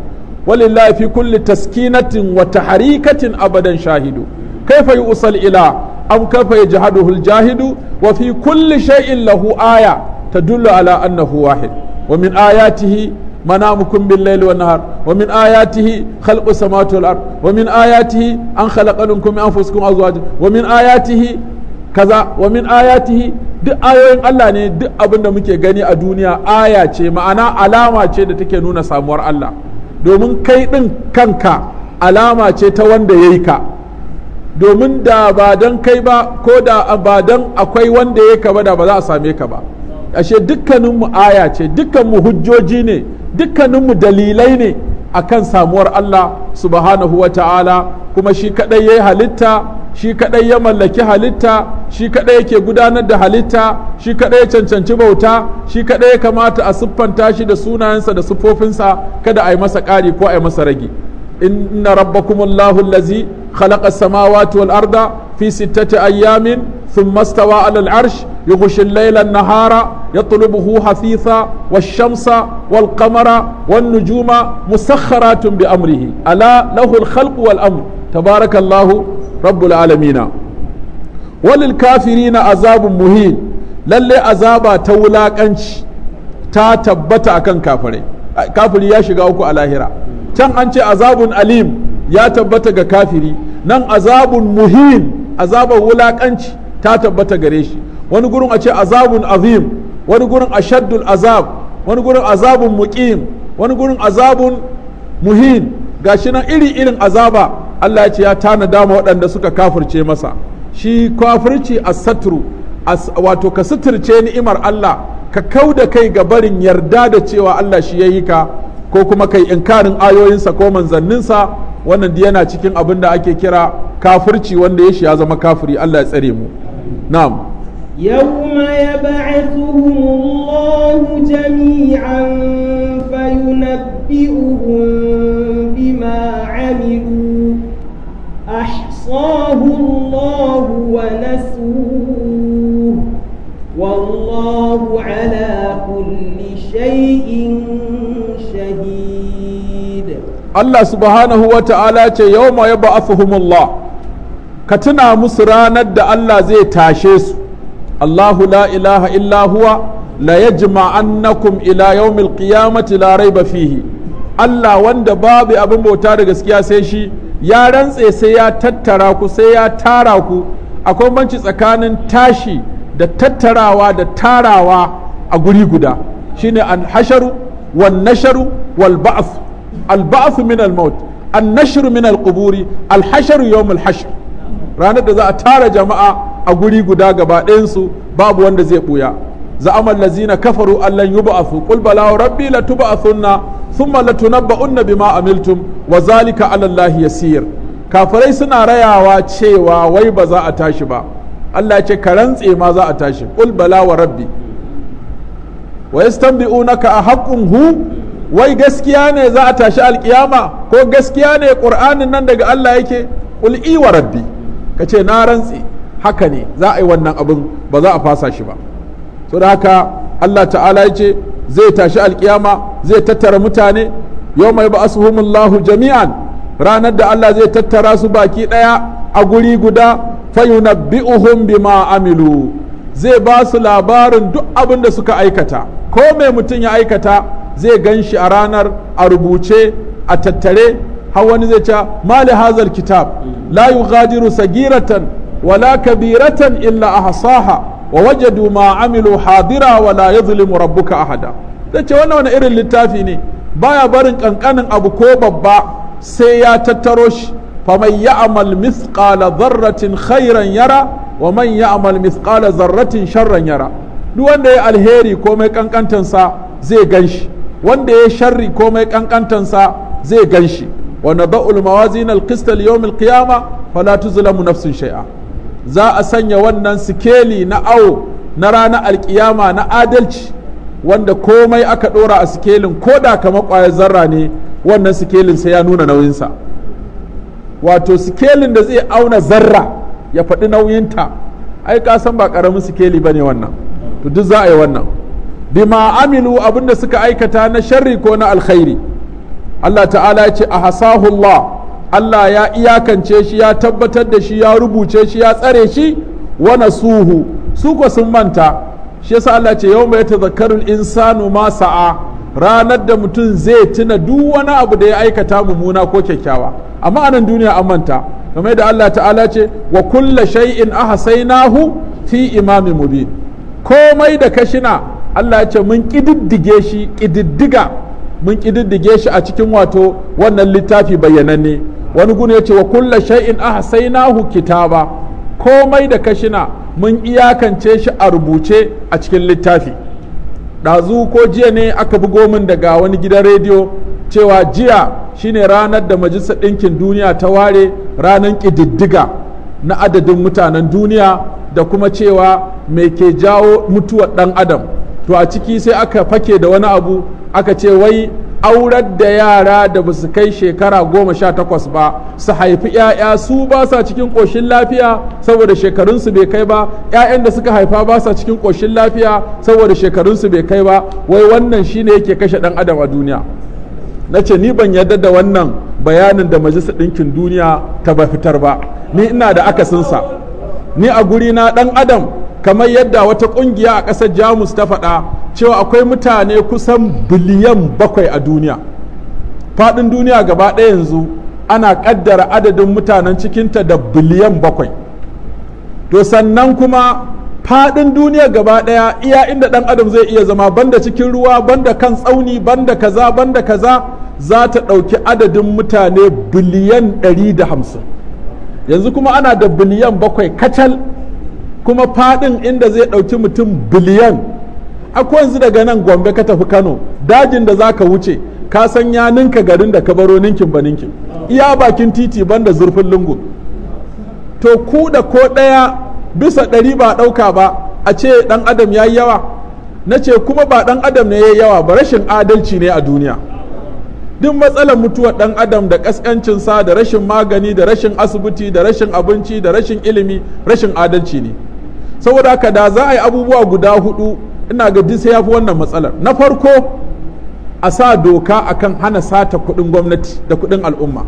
walillahi fi kulli taskinatin wata taharikatin abadan shahidu kaifa yusal ila am kaifa yajhaduhu aljahidu wa fi kulli shay'in lahu aya tadullu ala annahu wahid wa min منامكم بالليل والنهار ومن آياته خلق السماوات والأرض ومن آياته أن خلق لكم أنفسكم أزواجا ومن آياته kaza wa min ayatihi duk ayoyin Allah ne duk abin da muke gani a duniya aya ce ma'ana alama ce da take nuna samuwar Allah domin kai ɗin kanka alama ce ta wanda ya yi ka domin da ba don kai ba ko da ba don akwai wanda ya yi ka ba da ba za a same ka ba ashe dukkaninmu aya ce dukkanmu hujjoji ne dukkaninmu dalilai ne akan samuwar Allah subhanahu wa ta'ala kuma shi kadai yayi halitta shi kadai ya mallaki halitta shi kadai yake gudanar da halitta shi kadai ya cancanci bauta shi kadai ya kamata a siffanta shi da sunayensa da siffofinsa kada a yi masa ƙari ko a yi masa rage inna rabbakumullahu allazi khalaqa samawati wal arda fi sittati ayyamin thumma stawa ala al arsh yughshi al-layla an-nahara yatlubuhu hafitha wash-shamsa wal-qamara wan-nujuma musakharatun bi amrihi ala lahu al-khalqu wal-amr tabarakallahu rabbul alamin walil kafirina azabun muhin lalle azaba ta wulakanci ta tabbata akan kafirai kafiri ya shiga uku a lahira can an ce azabun alim ya tabbata ga kafiri nan azabun muhim azabar wulakanci ta tabbata gare shi wani gurin a ce azabun azim wani gurin ashaddul azab wani gurin azabun muqim wani gurin azabun muhim gashi nan iri irin azaba Allah ya ce ya tanada ma waɗanda suka kafirce masa shi kafirci a satru wato ka suturce ni'imar Allah ka kau da kai ga barin yarda da cewa Allah shi ya yi ka ko kuma kai inkarin ayoyinsa ko manzanninsa wannan dai yana cikin abin da ake kira kafurci wanda ya ya zama kafuri Allah ya tsare mu na'am yawma yab'athuhum Allah jami'an fa yunabbi'uhum bima 'amilu ahsahu Allah wa والله على كل شيء شهيد Allah subhanahu wa ta'ala ce yau ma yaba afuhumullah ka tuna musu ranar da Allah zai tashe su Allahu la ilaha illa huwa la yajma'annakum ila yawmil qiyamati la raiba fihi Allah wanda babu abin bauta da gaskiya sai shi ya rantse sai ya tattara ku sai ya tara ku akwai banci tsakanin tashi da tattarawa da tarawa a guri guda shine an hasharu wan nasharu wal ba'th alba'su min almaut annashru min alquburi alhasharu yawm alhashr ranar da za a tara jama'a a guri guda gaba ɗayansu babu wanda zai buya malla zina kafaru allan yub'athu qul bala rabbi latub'athunna thumma latunabba'unna bima amiltum wa zalika 'ala Allah yasir kafirai suna rayawa cewa wai ba za a tashi ba Allah ce ka rantse ma za a tashi qul bala wa rabbi wa yastanbi'unaka a haqqun hu wai gaskiya ne za a tashi alkiyama ko gaskiya ne ƙur'anin nan daga Allah yake ƙul'i wa rabbi ka ce na rantsi haka ne za a yi wannan abin ba za a fasa shi ba so da haka Allah ta'ala ya ce zai tashi alkiyama zai tattara mutane yau mai ba asuhumullahu jami'an ranar da Allah zai tattara su baki ɗaya a guri guda fayunabbi'uhum bima amilu zai ba labarin duk abin da suka aikata ko mai mutum ya aikata zai gan shi a ranar a rubuce a tattare har wani zai ce mali hazal kitab la yughadiru sagiratan wala kabiratan illa ahsaha wa wajadu ma amilu hadira wala yadhlimu rabbuka ahada zai ce wannan wani irin littafi ne baya barin kankanin abu ko babba sai ya tattaro shi faman ya'mal mithqala dharratin khairan yara wa man ya'mal mithqala dharratin sharran yara duk wanda ya alheri ko kankantansa zai gan shi wanda ya sharri komai kankantansa zai gan shi wa nada'ul mawazin al kiyama al-yawm fala nafsun shai'a za a sanya wannan sikeli na awo na ranar alkiyama na adalci wanda komai aka dora a sikelin ko da kamar kwayar zarra ne wannan sikelin sai ya nuna nauyinsa wato sikelin da zai auna zarra ya faɗi nauyinta ai ka san ba ƙaramin sikeli ba ne wannan to duk za a yi wannan bima aminu abinda suka aikata na sharri ko na alkhairi Allah ta'ala ya ce a hasahullah Allah ya iyakance shi ya tabbatar da shi ya rubuce shi ya tsare shi wana suhu, su ko sun manta shi yasa Allah ce yau mai tazakkarul insanu ma sa'a ranar da mutum zai tuna duk wani abu da ya aikata mummuna ko kyakkyawa amma anan duniya an manta kamar da Allah ta'ala ce wa kulla shay'in ahsaynahu fi imamin mubin komai da kashina Allah ya ce mun ƙididdige shi ƙididdiga mun ƙididdige shi a cikin wato wannan littafi bayyananne wani gun ya ce wa kulla shay'in ahsaynahu kitaba komai da kashina mun iyakance shi a rubuce a cikin littafi ɗazu ko jiya ne aka bugo min daga wani gidan rediyo cewa jiya shine ranar da majalisar ɗinkin duniya ta ware ranar ƙididdiga na adadin mutanen duniya da kuma cewa me ke jawo mutuwar ɗan adam to a ciki sai aka fake da wani abu aka ce wai aurar da yara da ba su kai shekara goma sha takwas ba su haifi 'ya'ya su ba sa cikin ƙoshin lafiya saboda shekarunsu bai kai ba 'ya'yan da suka haifa ba sa cikin ƙoshin lafiya saboda shekarunsu bai kai ba wai wannan shine yake kashe ɗan adam a duniya na ce ni ban yarda da wannan bayanin da majalisar ɗinkin duniya ta ba fitar ba ni ina da akasinsa ni a guri na ɗan adam kamar yadda wata kungiya a ƙasar jamus ta faɗa cewa akwai mutane kusan biliyan bakwai a duniya faɗin duniya gaba ɗaya yanzu ana ƙaddara adadin mutanen cikinta da biliyan bakwai to sannan kuma faɗin duniya gaba ɗaya iya inda ɗan adam zai iya zama banda cikin ruwa banda kan tsauni banda kaza banda kaza za ta ɗauki adadin mutane biliyan ɗari da hamsin yanzu kuma ana da biliyan bakwai kacal kuma fadin inda zai ɗauki mutum biliyan akwai yanzu daga nan gombe ka tafi kano dajin da za ka wuce ka san ya ninka garin da ka baro ninkin ba ninkin iya bakin titi banda zurfin lungu to ku da ko ɗaya bisa ɗari ba ɗauka ba a ce ɗan adam ya yi yawa na ce kuma ba ɗan adam ne ya yi yawa ba rashin adalci ne a duniya duk matsalar mutuwar ɗan adam da ƙasƙancinsa da rashin magani da rashin asibiti da rashin abinci da rashin ilimi rashin adalci ne saboda haka da za a yi abubuwa guda hudu ina ga duk sai fi wannan matsalar na farko a sa doka akan hana sata kudin gwamnati da kudin al'umma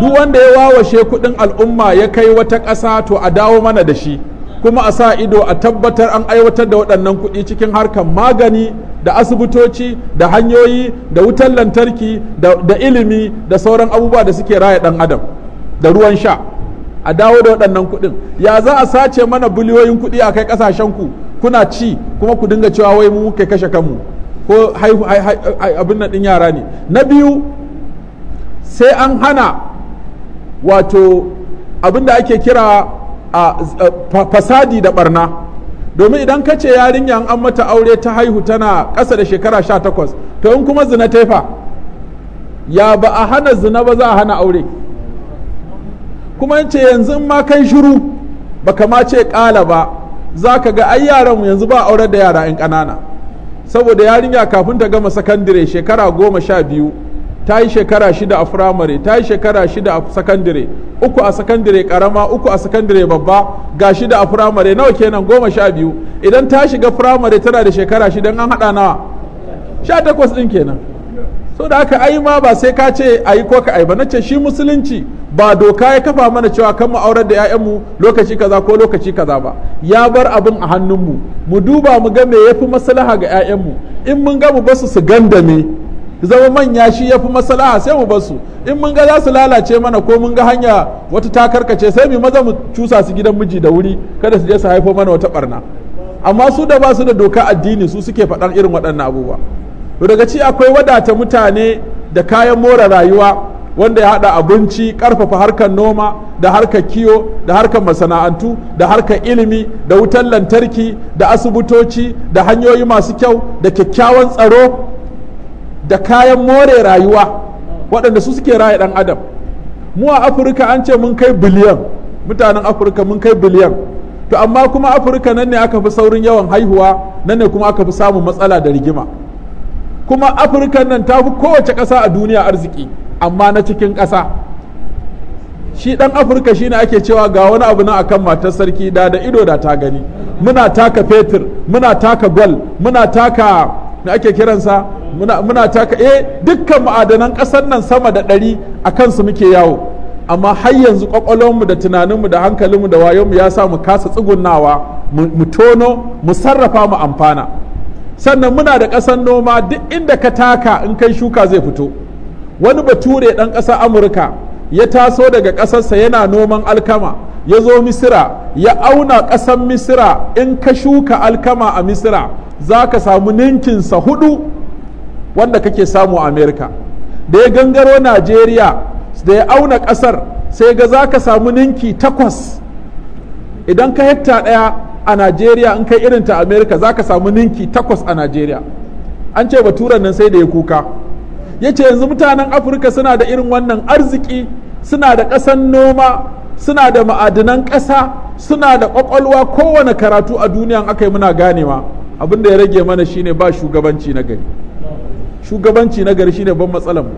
duk wanda ya wawashe kudin al'umma ya kai wata ƙasa to a dawo mana da shi kuma a sa ido a tabbatar an aiwatar da waɗannan kuɗi cikin harkar magani da asibitoci da hanyoyi da wutar lantarki da ilimi da sauran abubuwa da suke raya ɗan adam da ruwan sha a dawo da waɗannan kuɗin ya za a sace mana biliyoyin kuɗi a kai ƙasashen ku kuna ci kuma ku dinga cewa wai mu kai kashe kanmu ko abin nan ɗin yara ne na biyu sai an hana wato abin da ake kira a fasadi da barna domin idan ka ce yarinya an mata aure ta haihu tana ƙasa da shekara sha takwas to in kuma zina taifa ya ba a hana zina ba za a hana aure kuma in ce yanzu ma kai shiru ba ma ce ƙala ba za ka ga ai yaranmu yanzu ba aure da yara 'yan ƙanana saboda yarinya kafin ta gama sakandire shekara goma sha biyu ta yi shekara shida a firamare ta yi shekara shida a sakandire uku a sakandire karama uku a sakandire babba ga shida a firamare nawa kenan goma sha biyu idan ta shiga firamare tana da shekara shida an haɗa nawa sha takwas ɗin kenan so da aka ai ma ba sai ka ce ayi ko ka ai ba nace shi musulunci ba doka ya kafa mana cewa kan mu aurar da 'ya'yanmu lokaci kaza ko lokaci kaza ba ya bar abin a hannunmu mu duba mu ga me yafi maslaha ga 'ya'yanmu in mun ga mu basu su gandame zama manya shi yafi maslaha sai mu basu in mun ga za su lalace mana ko mun ga hanya wata ta karkace sai mu maza mu cusa su gidan miji da wuri kada su je su haifo mana wata barna amma su da ba su da doka addini su suke faɗan irin waɗannan abubuwa to daga ci akwai wadata mutane da kayan more rayuwa wanda ya hada abinci karfafa harkar noma da harkar kiyo da harkar masana'antu da harkar ilimi da wutar lantarki da asibitoci da hanyoyi masu kyau da kyakkyawan tsaro da kayan more rayuwa waɗanda su suke raye ɗan adam mu a afirka an ce mun kai biliyan mutanen afirka mun kai biliyan to amma kuma afirka nan ne aka fi saurin yawan haihuwa nan ne kuma aka fi samun matsala da rigima kuma afirka nan ta fi kowace ƙasa a duniya arziki amma na cikin ƙasa shi ɗan afirka shine ake cewa ga wani abu na akan matar sarki da da ido da ta gani muna taka fetur muna taka gwal muna taka me ake kiransa muna, muna taka eh dukkan ma'adanan ƙasar nan sama da ɗari a kansu muke yawo amma har yanzu kwakwalonmu da tunaninmu da hankalinmu da wayonmu ya sa mu kasa tsugunnawa mu tono mu sarrafa mu amfana sannan muna da ƙasar noma duk inda ka taka in kai shuka zai fito wani bature ɗan ƙasar amurka ya taso daga ƙasarsa yana noman alkama ya zo misira ya auna ƙasar misira in ka shuka alkama a misira za ka samu ninkinsa hudu wanda kake samu a amerika da ya gangaro najeriya da ya auna ƙasar sai ga za ka samu ninki takwas idan ka hekta ɗaya a najeriya in kai irin ta america za ka samu ninki takwas a najeriya an ce baturan nan sai da ya kuka ya ce yanzu mutanen afirka suna da irin wannan arziki suna da kasan noma suna da ma'adinan ƙasa suna da ƙwaƙwalwa kowane karatu a duniya aka yi muna ganewa abin da ya rage mana shine ba shugabanci na gari shugabanci na gari shine ban matsalar mu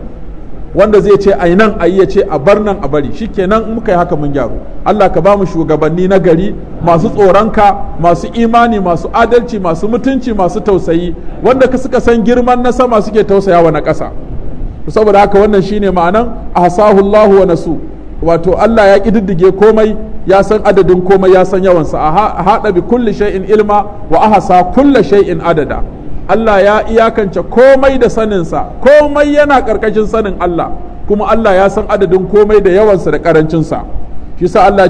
wanda zai ce a nan a ya ce a bar nan a bari shikenan in muka yi haka mun gyaru Allah ka ba mu shugabanni na gari masu tsoronka masu imani masu adalci masu mutunci masu tausayi wanda ka suka san girman na sama suke tausayawa na ƙasa saboda haka wannan shine ma'anan Allahu wa nasu wato Allah ya kididdige komai ya san adadin komai ya san yawansa a hada bi kulli shay'in ilma wa ahsa kulli shay'in adada Allah ya iyakance komai da saninsa komai yana ƙarƙashin sanin Allah kuma Allah ya san adadin komai da yawansa da ƙarancinsa shi sa Allah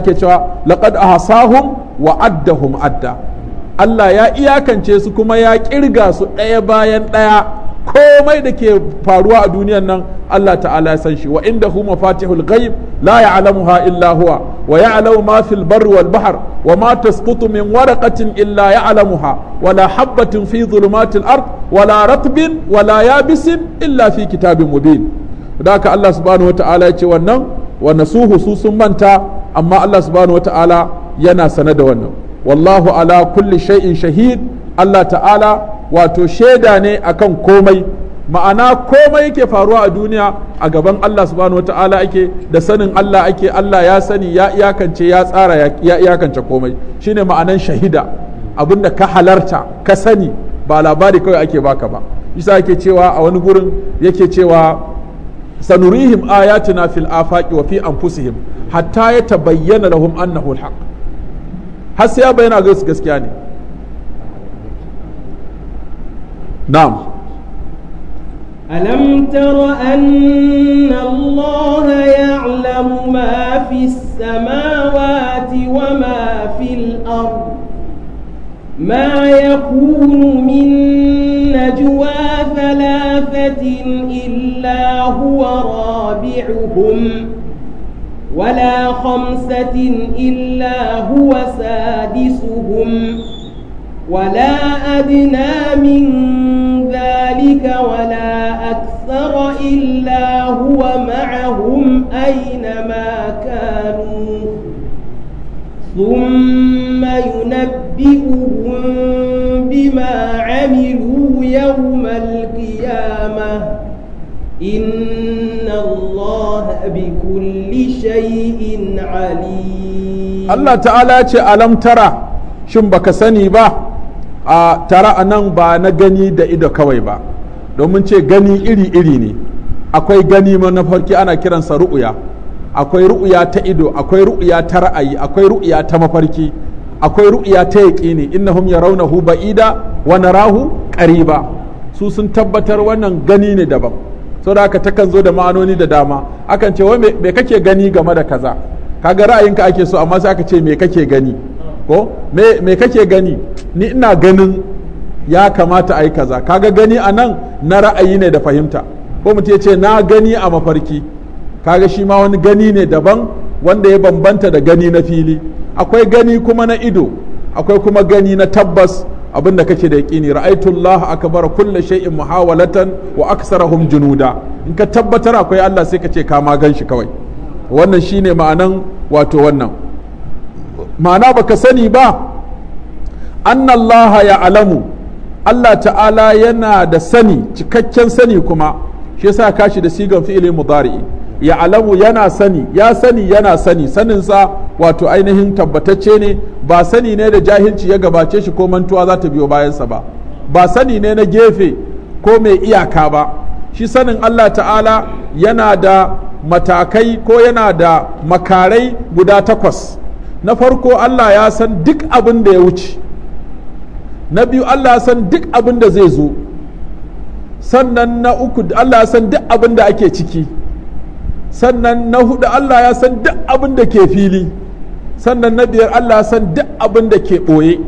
ke cewa laqad ahsahum wa addahum adda Allah ya iyakance su kuma ya ƙirga su ɗaya bayan ɗaya komai da ke faruwa a duniyan nan Allah ta'ala ya san shi wa inda hu mafatihul ghaib la ya'lamuha illa huwa wa ya'lamu ma fil barri wal bahr wa ma tasqutu min waraqatin illa ya'lamuha wa la habatin fi dhulumatil ard wa la ratbin wa la yabisin illa fi kitabin mubin haka Allah subhanahu wa ta'ala ya ce wannan wa nasuhu su manta amma Allah subhanahu wa ta'ala yana sane da wannan wallahu ala kulli shay'in shahid Allah ta'ala wato shaida ne akan komai ma'ana komai yake faruwa a duniya a gaban Allah subhanahu wata'ala ake da sanin Allah ake Allah ya sani ya iyakance ya tsara ya iyakance komai shine ma'anan shahida abinda ka halarta ka sani ba labari kawai ake baka ba isa yake cewa a wani gurin yake cewa sanurihim ayatina fil afaqi wa fi anfusihim hatta yatabayyana lahum annahu alhaq har sai ya bayyana ga gaskiya ne نعم ألم تر أن الله يعلم ما في السماوات وما في الأرض ما يكون من نجوى ثلاثة إلا هو رابعهم ولا خمسة إلا هو سادسهم ولا أدنى من ذلك ولا أكثر إلا هو معهم أينما كانوا ثم ينبئهم بما عملوا يوم القيامة إن الله بكل شيء عليم الله تعالى ألم ترى شنبك سني با a tara a nan ba na gani da ido kawai ba domin ce gani iri-iri ne akwai gani na farki ana kiransa ru'uya akwai ru'uya ta ido akwai ru'uya ta ra'ayi akwai ru'uya ta mafarki akwai ru'uya ta yaƙini innahum yarawnahu ba'ida wa narahu qariba su sun tabbatar wannan gani ne daban saboda haka takan zo da ma'anoni da dama akan ce wai me kake gani game da kaza Ka ga ra'ayinka ake so amma sai aka ce me kake gani ko me kake gani ni ina ganin ya kamata a yi kaza kaga gani a nan na ra'ayi ne da fahimta ko mutum ya ce na gani a mafarki kaga shi ma wani gani ne daban wanda ya bambanta da gani na fili akwai gani kuma na ido akwai kuma gani na tabbas abin da kake da yaƙini ra'aitullah akbar kulle shay'in muhawalatan wa aksarahum junuda in ka tabbatar akwai Allah sai ka ce ka ma gan shi kawai wannan shine ma'anan wato wannan ma'ana baka sani ba annallaha ya alamu Allah ta'ala yana da sani cikakken sani kuma shi sa kashi da sigan fi'ilin mudari'i ya alamu yana sani ya sani yana sani saninsa wato ainihin tabbatacce ne ba sani ne da jahilci ya gabace shi ko mantuwa za ta biyo bayansa ba ba sani ne na gefe ko mai iyaka ba shi sanin Allah ta'ala yana da matakai ko yana da makarai guda takwas na farko Allah ya san duk abin da ya wuce na biyu Allah ya san duk abin da zai zo sannan na uku Allah ya san duk abin da ake ciki sannan na hudu Allah ya san duk abin da ke fili sannan na biyar Allah ya san duk abin da ke ɓoye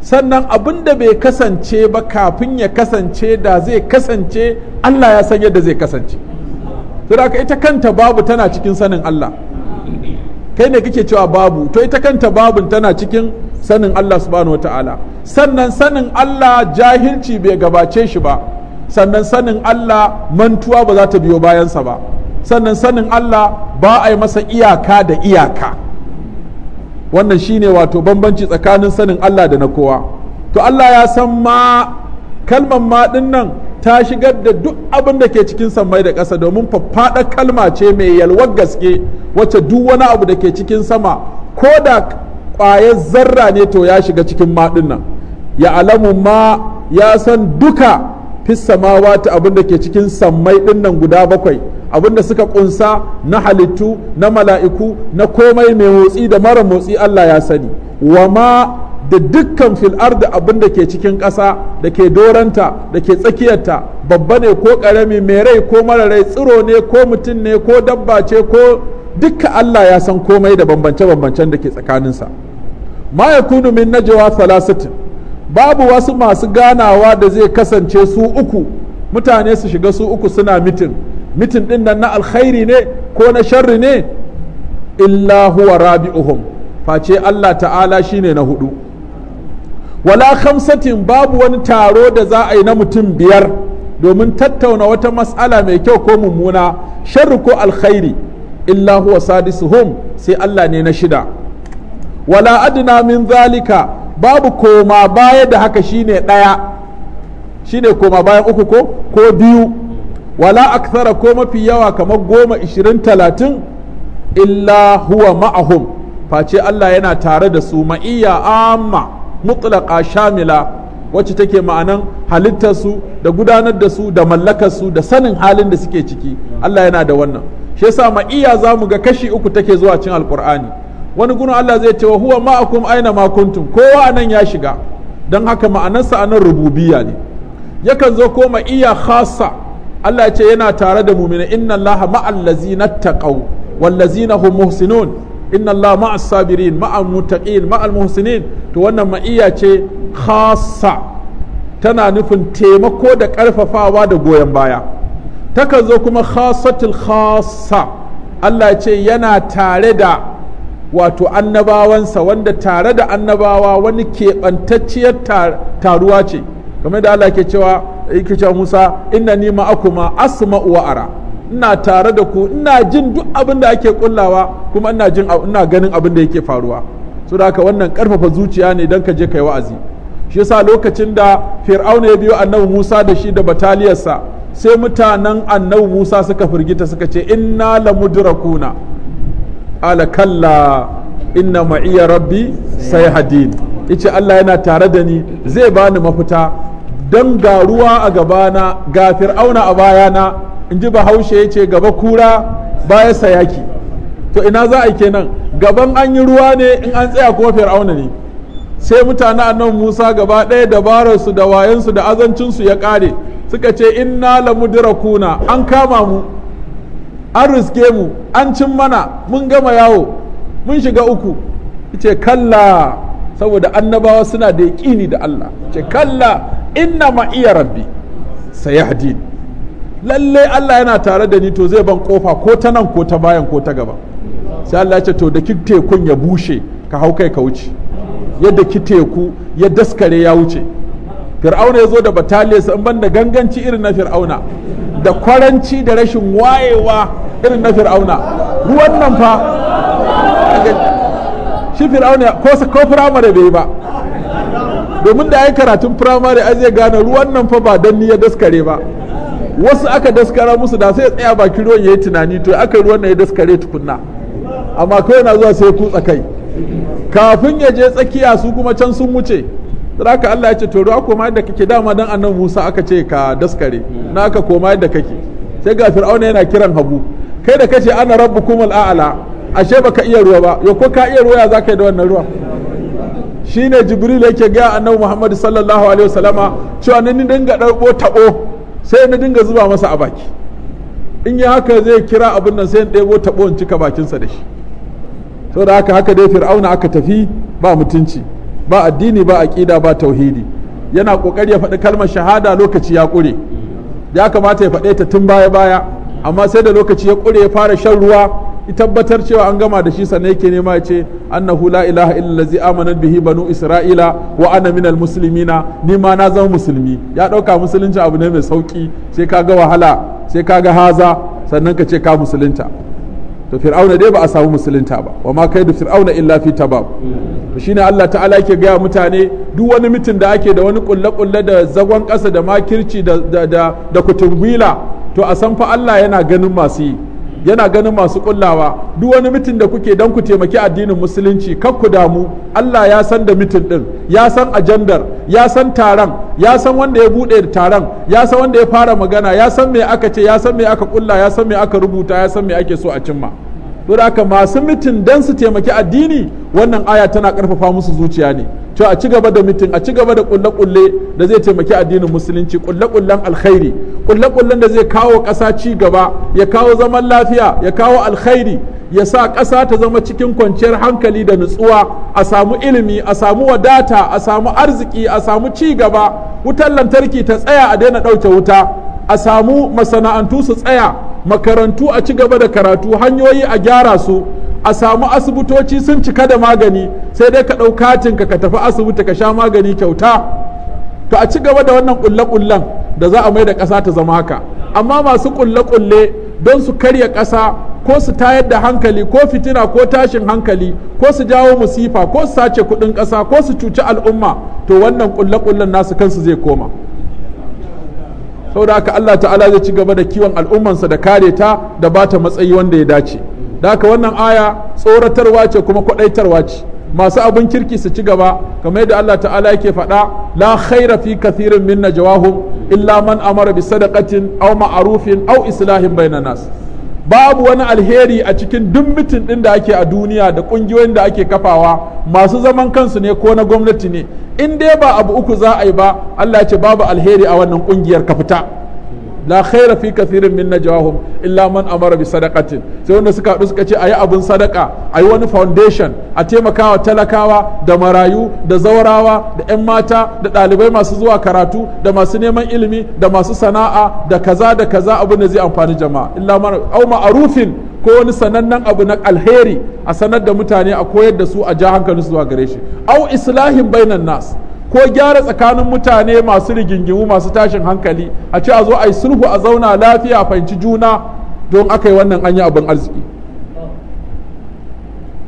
sannan abin da bai kasance ba kafin ya kasance da zai kasance Allah ya san yadda zai kasance. Saboda ita kanta babu tana cikin sanin Allah. kai ne kake cewa babu to ita kanta babun tana cikin sanin Allah subhanahu wataala sannan sanin Allah jahilci bai gabace shi ba sannan sanin Allah mantuwa ba za ta biyo bayansa ba sannan sanin Allah ba a yi masa iyaka da iyaka wannan shine wato bambanci tsakanin sanin Allah da na kowa to Allah ya san ma kalmar ma din nan ta shigar da duk abin da ke cikin sammai da ƙasa domin faffaɗa kalma ce mai yalwar gaske wacce duk wani abu da ke cikin sama ko da ƙwayar zarra ne to ya shiga cikin maɗin nan ya alamu ma ya san duka ta abin da ke cikin sammai ɗin nan guda bakwai abin da suka ƙunsa na halittu na mala'iku na komai mai motsi da mara motsi Allah ya sani wa ma da dukkan fil'ar da abin da ke cikin ƙasa da ke doranta da ke tsakiyarta babba ne ko ƙarami mai rai ko mara rai tsiro ne ko mutum ne ko dabba ce ko dukka Allah ya san komai da bambance-bambancen da ke tsakaninsa ma ya kunu min najawa falasitin babu wasu masu ganawa da zai kasance su uku mutane su shiga su uku suna mitin mitin din nan na alkhairi ne ko na sharri ne illa huwa rabi'uhum face Allah ta'ala shine na hudu wala khamsatin babu wani taro da za a yi na mutum biyar domin tattauna wata mas'ala mai kyau ko mummuna sharri ko alkhairi illa huwa sadisuhum sai Allah ne na shida wala adna min zalika babu koma baya da haka shine ɗaya shine koma bayan uku ko ko biyu wala akthara ko mafi yawa kamar goma ishirin talatin illa huwa ma'ahum face Allah yana tare da su ma'iyya amma mutlaqa shamila wacce take ma'anan halittarsu da gudanar da su da mallakarsu da sanin halin da suke ciki Allah yana da wannan shi yasa ma'iya za mu ga kashi uku take zuwa cin alkur'ani wani gurin Allah zai ce wa huwa ma'akum aina ma kuntum kowa anan ya shiga don haka ma'anarsa anan rububiyya ne yakan zo ko ma'iya khassa Allah ce yana tare da mumina inna Allah ma'al ladzina taqaw wal ladzina hum muhsinun inna Allah ma'as sabirin ma'al muttaqin ma'al muhsinin to wannan ma'iya ce khassa tana nufin taimako da karfafawa da goyon baya takan zo kuma khasatul khasa Allah ce yana tare da wato annabawansa wanda tare da annabawa wani keɓantacciyar taruwa ce kamar da Allah ke cewa yake cewa Musa inna ni ma'akuma asma'u wa ara ina tare da ku ina jin duk abin da ake kullawa kuma ina jin ina ganin abin da yake faruwa so da haka wannan karfafa zuciya ne dan ka je kai wa'azi shi yasa lokacin da Fir'auna ya biyo annabi Musa da shi da bataliyarsa sai mutanen annabi Musa suka firgita suka ce inna la mudrakuna ala kalla inna ma'iya rabbi sai hadin yace Allah yana tare da ni zai bani mafita dan ga ruwa a gabana ga fir'auna a bayana in ji bahaushe ya ce gaba kura baya sayaki to ina za a kenan gaban an yi ruwa ne in an tsaya kuma fir'auna ne sai mutane annabi Musa gaba ɗaya dabararsu da wayansu da azancinsu ya ƙare suka ce inna la mudrakuna an kama mu an riske mu an cin mana mun gama yawo mun shiga uku ce kalla saboda annabawa suna da yaƙini da Allah ce kalla inna ma iya rabbi sayahdin Lallai Allah yana tare da ni to zai ban kofa ko ta nan ko ta bayan ko ta gaba sai Allah ya ce to da ki tekun ya bushe ka hau kai ka wuce yadda ki teku ya daskare ya wuce fir'auna ya zo da bataliyarsa in ban da ganganci irin na fir'auna da kwaranci da rashin wayewa irin na fir'auna ruwan nan fa shi fir'auna ko firamare bai ba domin da ya yi karatun firamare a zai gane ruwan nan fa ba don ni ya daskare ba wasu aka daskara musu da sai tsaya baki ruwan ya yi tunani to aka ruwan na ya daskare tukunna amma kawai na zuwa sai kutsa kai kafin ya je tsakiya su kuma can sun wuce haka Allah ya ce to ruwa koma da kake dama dan annabi Musa aka ce ka daskare hmm. na koma yadda kake sai ga Fir'auna yana kiran Habu kai da kace ana rabbukumul a'la ashe baka iya ruwa ba yo ko ka iya ruwa ya zaka yi da wannan ruwa shine Jibril yake ga annabi Muhammad sallallahu alaihi wasallama cewa ni dinga darbo tabo sai na dinga zuba masa a baki in ya haka zai kira abun nan sai in ɗebo taɓo in cika bakinsa da shi da haka haka dai fir'auna aka tafi ba mutunci ba addini ba aqida ba tauhidi yana kokari ya faɗi kalmar shahada lokaci ya kure ya kamata ya faɗe ta tun baya baya amma sai da lokaci ya kure ya fara shan ruwa ya tabbatar cewa an gama da shi sannan yake nema ya ce annahu la ilaha illallazi amana bihi banu isra'ila wa ana minal muslimina ni ma na zama musulmi ya ɗauka musulunci abu ne mai sauki sai kaga wahala sai kaga haza sannan ka ce ka musulunta to fir'auna dai ba a samu musulunta ba wa ma kai da fir'auna illa fi tabab to shine Allah ta'ala yake gaya mutane duk wani mitin da ake da wani kulle-kulle da zagon kasa da makirci da da da, kutungwila to a san fa Allah yana ganin masu yi yana ganin masu kullawa duk wani mitin da kuke don ku taimaki addinin musulunci kar ku damu Allah ya san da mitin din ya san ajandar ya san taron ya san wanda ya bude taron ya san wanda ya fara magana ya san me aka ce ya san me aka kulla ya san me aka rubuta ya san me ake so a cimma don haka masu mitin dan su taimaki addini wannan aya tana karfafa musu zuciya ne to a ci gaba da mitin a ci gaba da kulle-kulle da zai taimaki addinin musulunci kulle-kullen alkhairi kulle-kullen da zai kawo ƙasa ci gaba ya kawo zaman lafiya ya kawo alkhairi ya sa ƙasa ta zama cikin kwanciyar hankali da nutsuwa a samu ilimi a samu wadata a samu arziki a samu ci gaba wutar lantarki ta tsaya a daina ɗauke wuta a samu masana'antu su tsaya makarantu a ci gaba da karatu hanyoyi a gyara su a samu asibitoci sun cika da magani sai dai ka ɗau katinka ka tafi asibiti ka sha magani kyauta to a ci gaba da wannan ƙulle-ƙullen da za a mai da ƙasa ta zama haka amma masu ƙulle-ƙulle don su karya ƙasa ko su tayar da hankali ko fitina ko tashin hankali ko su jawo musifa ko su sace kuɗin ƙasa ko su cuci al'umma to wannan ƙulle-ƙullen nasu kansu zai koma saboda haka Allah ta'ala zai ci gaba da kiwon al'ummansa da kare ta da bata matsayi wanda ya dace da haka wannan aya tsoratarwa ce kuma kwaɗaitarwa ce masu abin kirki su ci gaba kamar yadda Allah ta'ala yake faɗa la khaira fi kathirin min najwahum illa man amara bi sadaqatin aw ma'rufin aw islahin bainan babu wani alheri a cikin duk mitin din da ake a duniya da kungiyoyin da ake kafawa masu zaman kansu ne ko na gwamnati ne in dai ba abu uku za a yi ba Allah ya ce babu alheri a wannan kungiyar ka fita la khaira fi kathirin min najwahum illa man amara bi sadaqatin sai wanda suka haɗu suka ce ayi abun sadaka ayi wani foundation a taimakawa talakawa da marayu da zaurawa da yan mata da ɗalibai masu zuwa karatu da masu neman ilimi da masu sana'a da kaza da kaza abin da zai amfani jama'a illa man au ma'rufin ko wani sanannen abu na alheri a sanar da mutane a koyar da su a ja hankalinsu zuwa gare shi au islahin bainan nas ko gyara tsakanin mutane masu rigingimu masu tashin hankali a ce a zo a yi sulhu a zauna lafiya a fahimci juna don aka yi wannan anyi abin arziki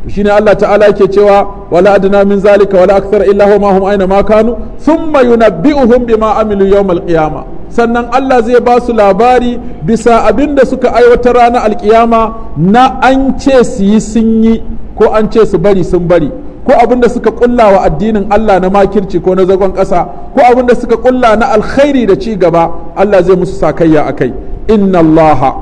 shine Allah ta'ala ake cewa wala adna min zalika wala akthar illa huwa mahum aina ma kanu thumma yunabbi'uhum bima amilu yawm al sannan Allah zai ba su labari bisa abin da suka aiwata ranar alkiyama na an ce su yi sun yi ko an ce su bari sun bari ko abin da suka kulla wa addinin Allah na makirci ko na zagon ƙasa ko abin da suka kulla na alkhairi da ci gaba Allah zai musu sakayya kai. inna Allah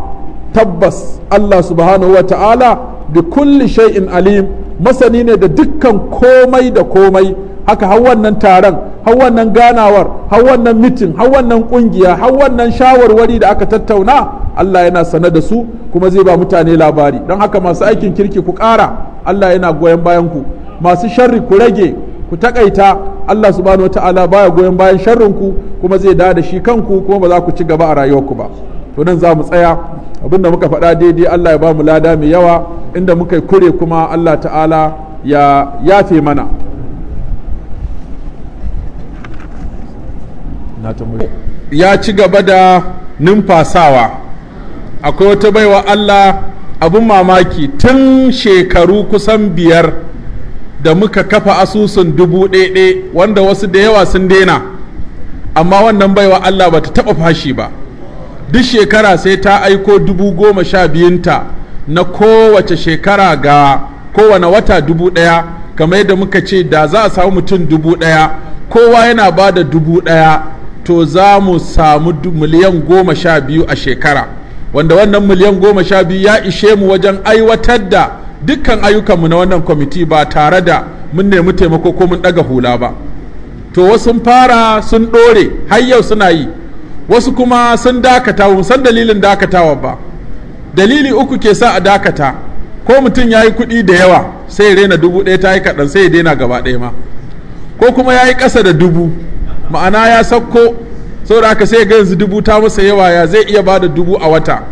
tabbas Allah subhanahu wa ta'ala bi kulli shay'in alim masani ne da dukkan komai da komai haka har wannan taron har wannan ganawar har wannan mitin har wannan kungiya har wannan shawarwari da aka tattauna Allah yana sane da su kuma zai ba mutane labari don haka masu aikin kirki ku ƙara Allah yana goyon bayan ku masu sharri ku rage ku takaita Allah subhanahu wataala baya goyon bayan sharrin ku kuma zai dawo da shi kanku kuma ba za ku ci gaba a rayuwarku ba to nan za mu tsaya abinda muka faɗa daidai Allah ya ba mu lada mai yawa inda muka yi kure kuma Allah ta'ala ya yafe mana ya ci gaba da numfasawa akwai wata baiwa Allah abin mamaki tun shekaru kusan biyar da muka kafa asusun dubu ɗaya wanda wasu da yawa sun daina amma wannan baiwa Allah ba ta taɓa fashi ba duk shekara sai ta aiko dubu goma sha biyunta na kowace shekara ga kowane wata dubu ɗaya kamar yadda muka ce da za a samu mutum dubu ɗaya kowa yana ba da dubu ɗaya to za mu samu miliyan goma sha biyu a shekara wanda wannan miliyan goma sha biyu ya ishe mu wajen aiwatar da dukkan ayyukanmu na wannan kwamiti ba tare da mun nemi taimako ko mun ɗaga hula ba to wasu fara sun ɗore har yau suna yi wasu kuma sun dakata san dalilin dakatawa ba dalili uku ke sa a dakata ko mutum ya yi kuɗi da yawa sai ya rena dubu ɗaya ta yi kaɗan sai ya daina gaba ɗaya ma ko kuma ya yi ƙasa da dubu ma'ana ya sauko saboda haka sai ga yanzu dubu ta masa yawa ya zai iya ba da dubu a wata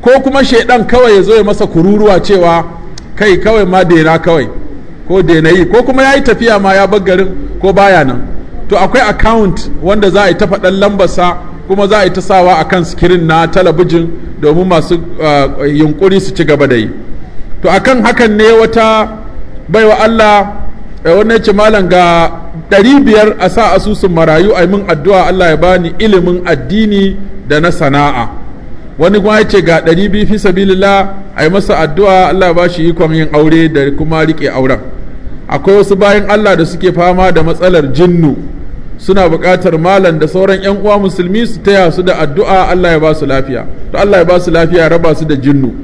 ko kuma shaidan kawai ya zo ya masa kururuwa cewa kai kawai ma dena kawai ko dena yi ko kuma ya yi tafiya ma ya garin ko baya nan to akwai account wanda za a yi tafaɗan lambarsa kuma za a yi ta sawa a kan sikirin na talabijin domin masu eh, yunkuri su ci gaba da yi to akan hakan ne wata baiwa allah eh, wannan ce malam ga ɗari biyar a sa asusun marayu a min addu'a allah ya bani ilimin addini da na sana'a wani kuma ya ce ga ɗari biyu fi sabilillah a yi masa addu'a Allah ba shi ikon yin aure da kuma riƙe auren akwai wasu bayan Allah da suke fama da matsalar jinnu suna buƙatar malam da sauran 'yan uwa musulmi su taya su da addu'a Allah ya ba su lafiya to Allah ya ba su lafiya raba su da jinnu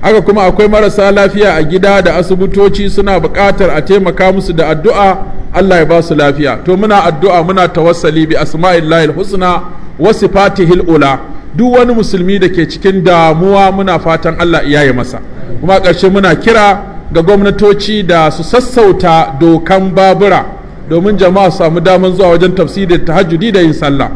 haka kuma akwai marasa lafiya a gida da asibitoci suna buƙatar a taimaka musu da addu'a Allah ya ba su lafiya to muna addu'a muna tawassali bi asma'illahil husna wa sifatihil ula duk wani musulmi da ke cikin damuwa muna fatan Allah ya yi masa kuma ƙarshe muna kira ga gwamnatoci da su sassauta dokan babura domin jama'a su samu daman zuwa wajen tafsirin tahajjudi da yin sallah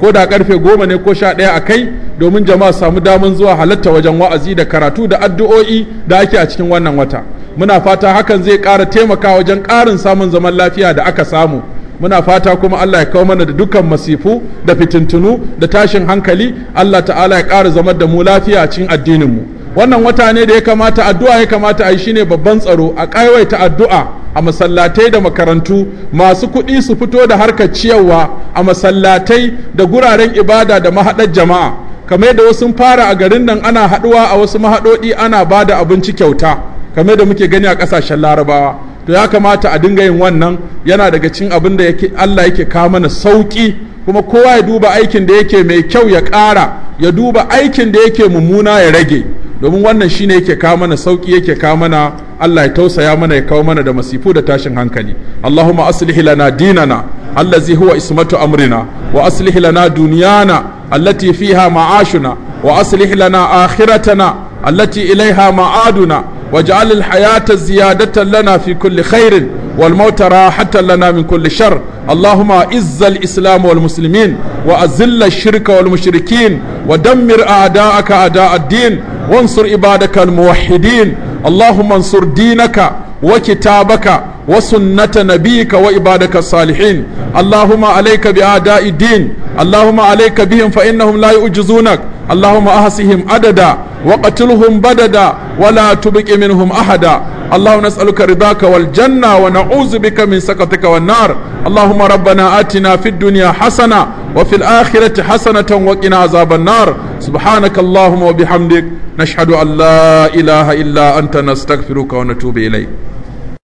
ko da karfe goma ne ko sha ɗaya a kai domin jama'a su samu daman zuwa halatta wajen wa'azi da karatu da addu'o'i da ake a cikin wannan wata muna fata hakan zai ƙara taimaka wajen ƙarin samun zaman lafiya da aka samu muna fata kuma Allah ya kawo mana da dukkan masifu da fitintunu da tashin hankali Allah ta'ala ya ƙara zama da mu lafiya a cikin addinin mu wannan wata ne da ya kamata addu'a ya kamata a yi shine babban tsaro a ƙaiwaita addu'a a masallatai da makarantu masu kuɗi su fito da harkar ciyarwa a masallatai da guraren ibada da mahaɗar jama'a kamar da wasu fara a garin nan ana haɗuwa a wasu mahaɗoɗi ana ba da abinci kyauta kamar da muke gani a ƙasashen larabawa to ya kamata a dinga yin wannan yana daga cikin abin da Allah yake ka mana sauki kuma kowa ya duba aikin da yake mai kyau ya ƙara ya duba aikin da yake mummuna ya rage domin wannan shine yake kawo mana sauki yake kawo mana Allah ya tausaya mana ya kawo mana da masifu da tashin hankali Allahumma aslih lana dinana allazi huwa ismatu amrina wa aslih lana dunyana allati fiha ma'ashuna wa aslih lana akhiratana allati ilaiha ma'aduna واجعل الحياة زيادة لنا في كل خير والموت راحة لنا من كل شر اللهم عز الإسلام والمسلمين وأذل الشرك والمشركين ودمر أعداءك أعداء الدين وانصر عبادك الموحدين اللهم انصر دينك وكتابك وسنة نبيك وعبادك الصالحين اللهم عليك بأعداء الدين اللهم عليك بهم فإنهم لا يؤجزونك اللهم أحصهم عددا وقتلهم بددا ولا تبق منهم أحدا اللهم نسألك رضاك والجنة ونعوذ بك من سقطك والنار اللهم ربنا آتنا في الدنيا حسنة وفي الآخرة حسنة وقنا عذاب النار سبحانك اللهم وبحمدك نشهد أن لا إله إلا أنت نستغفرك ونتوب إليك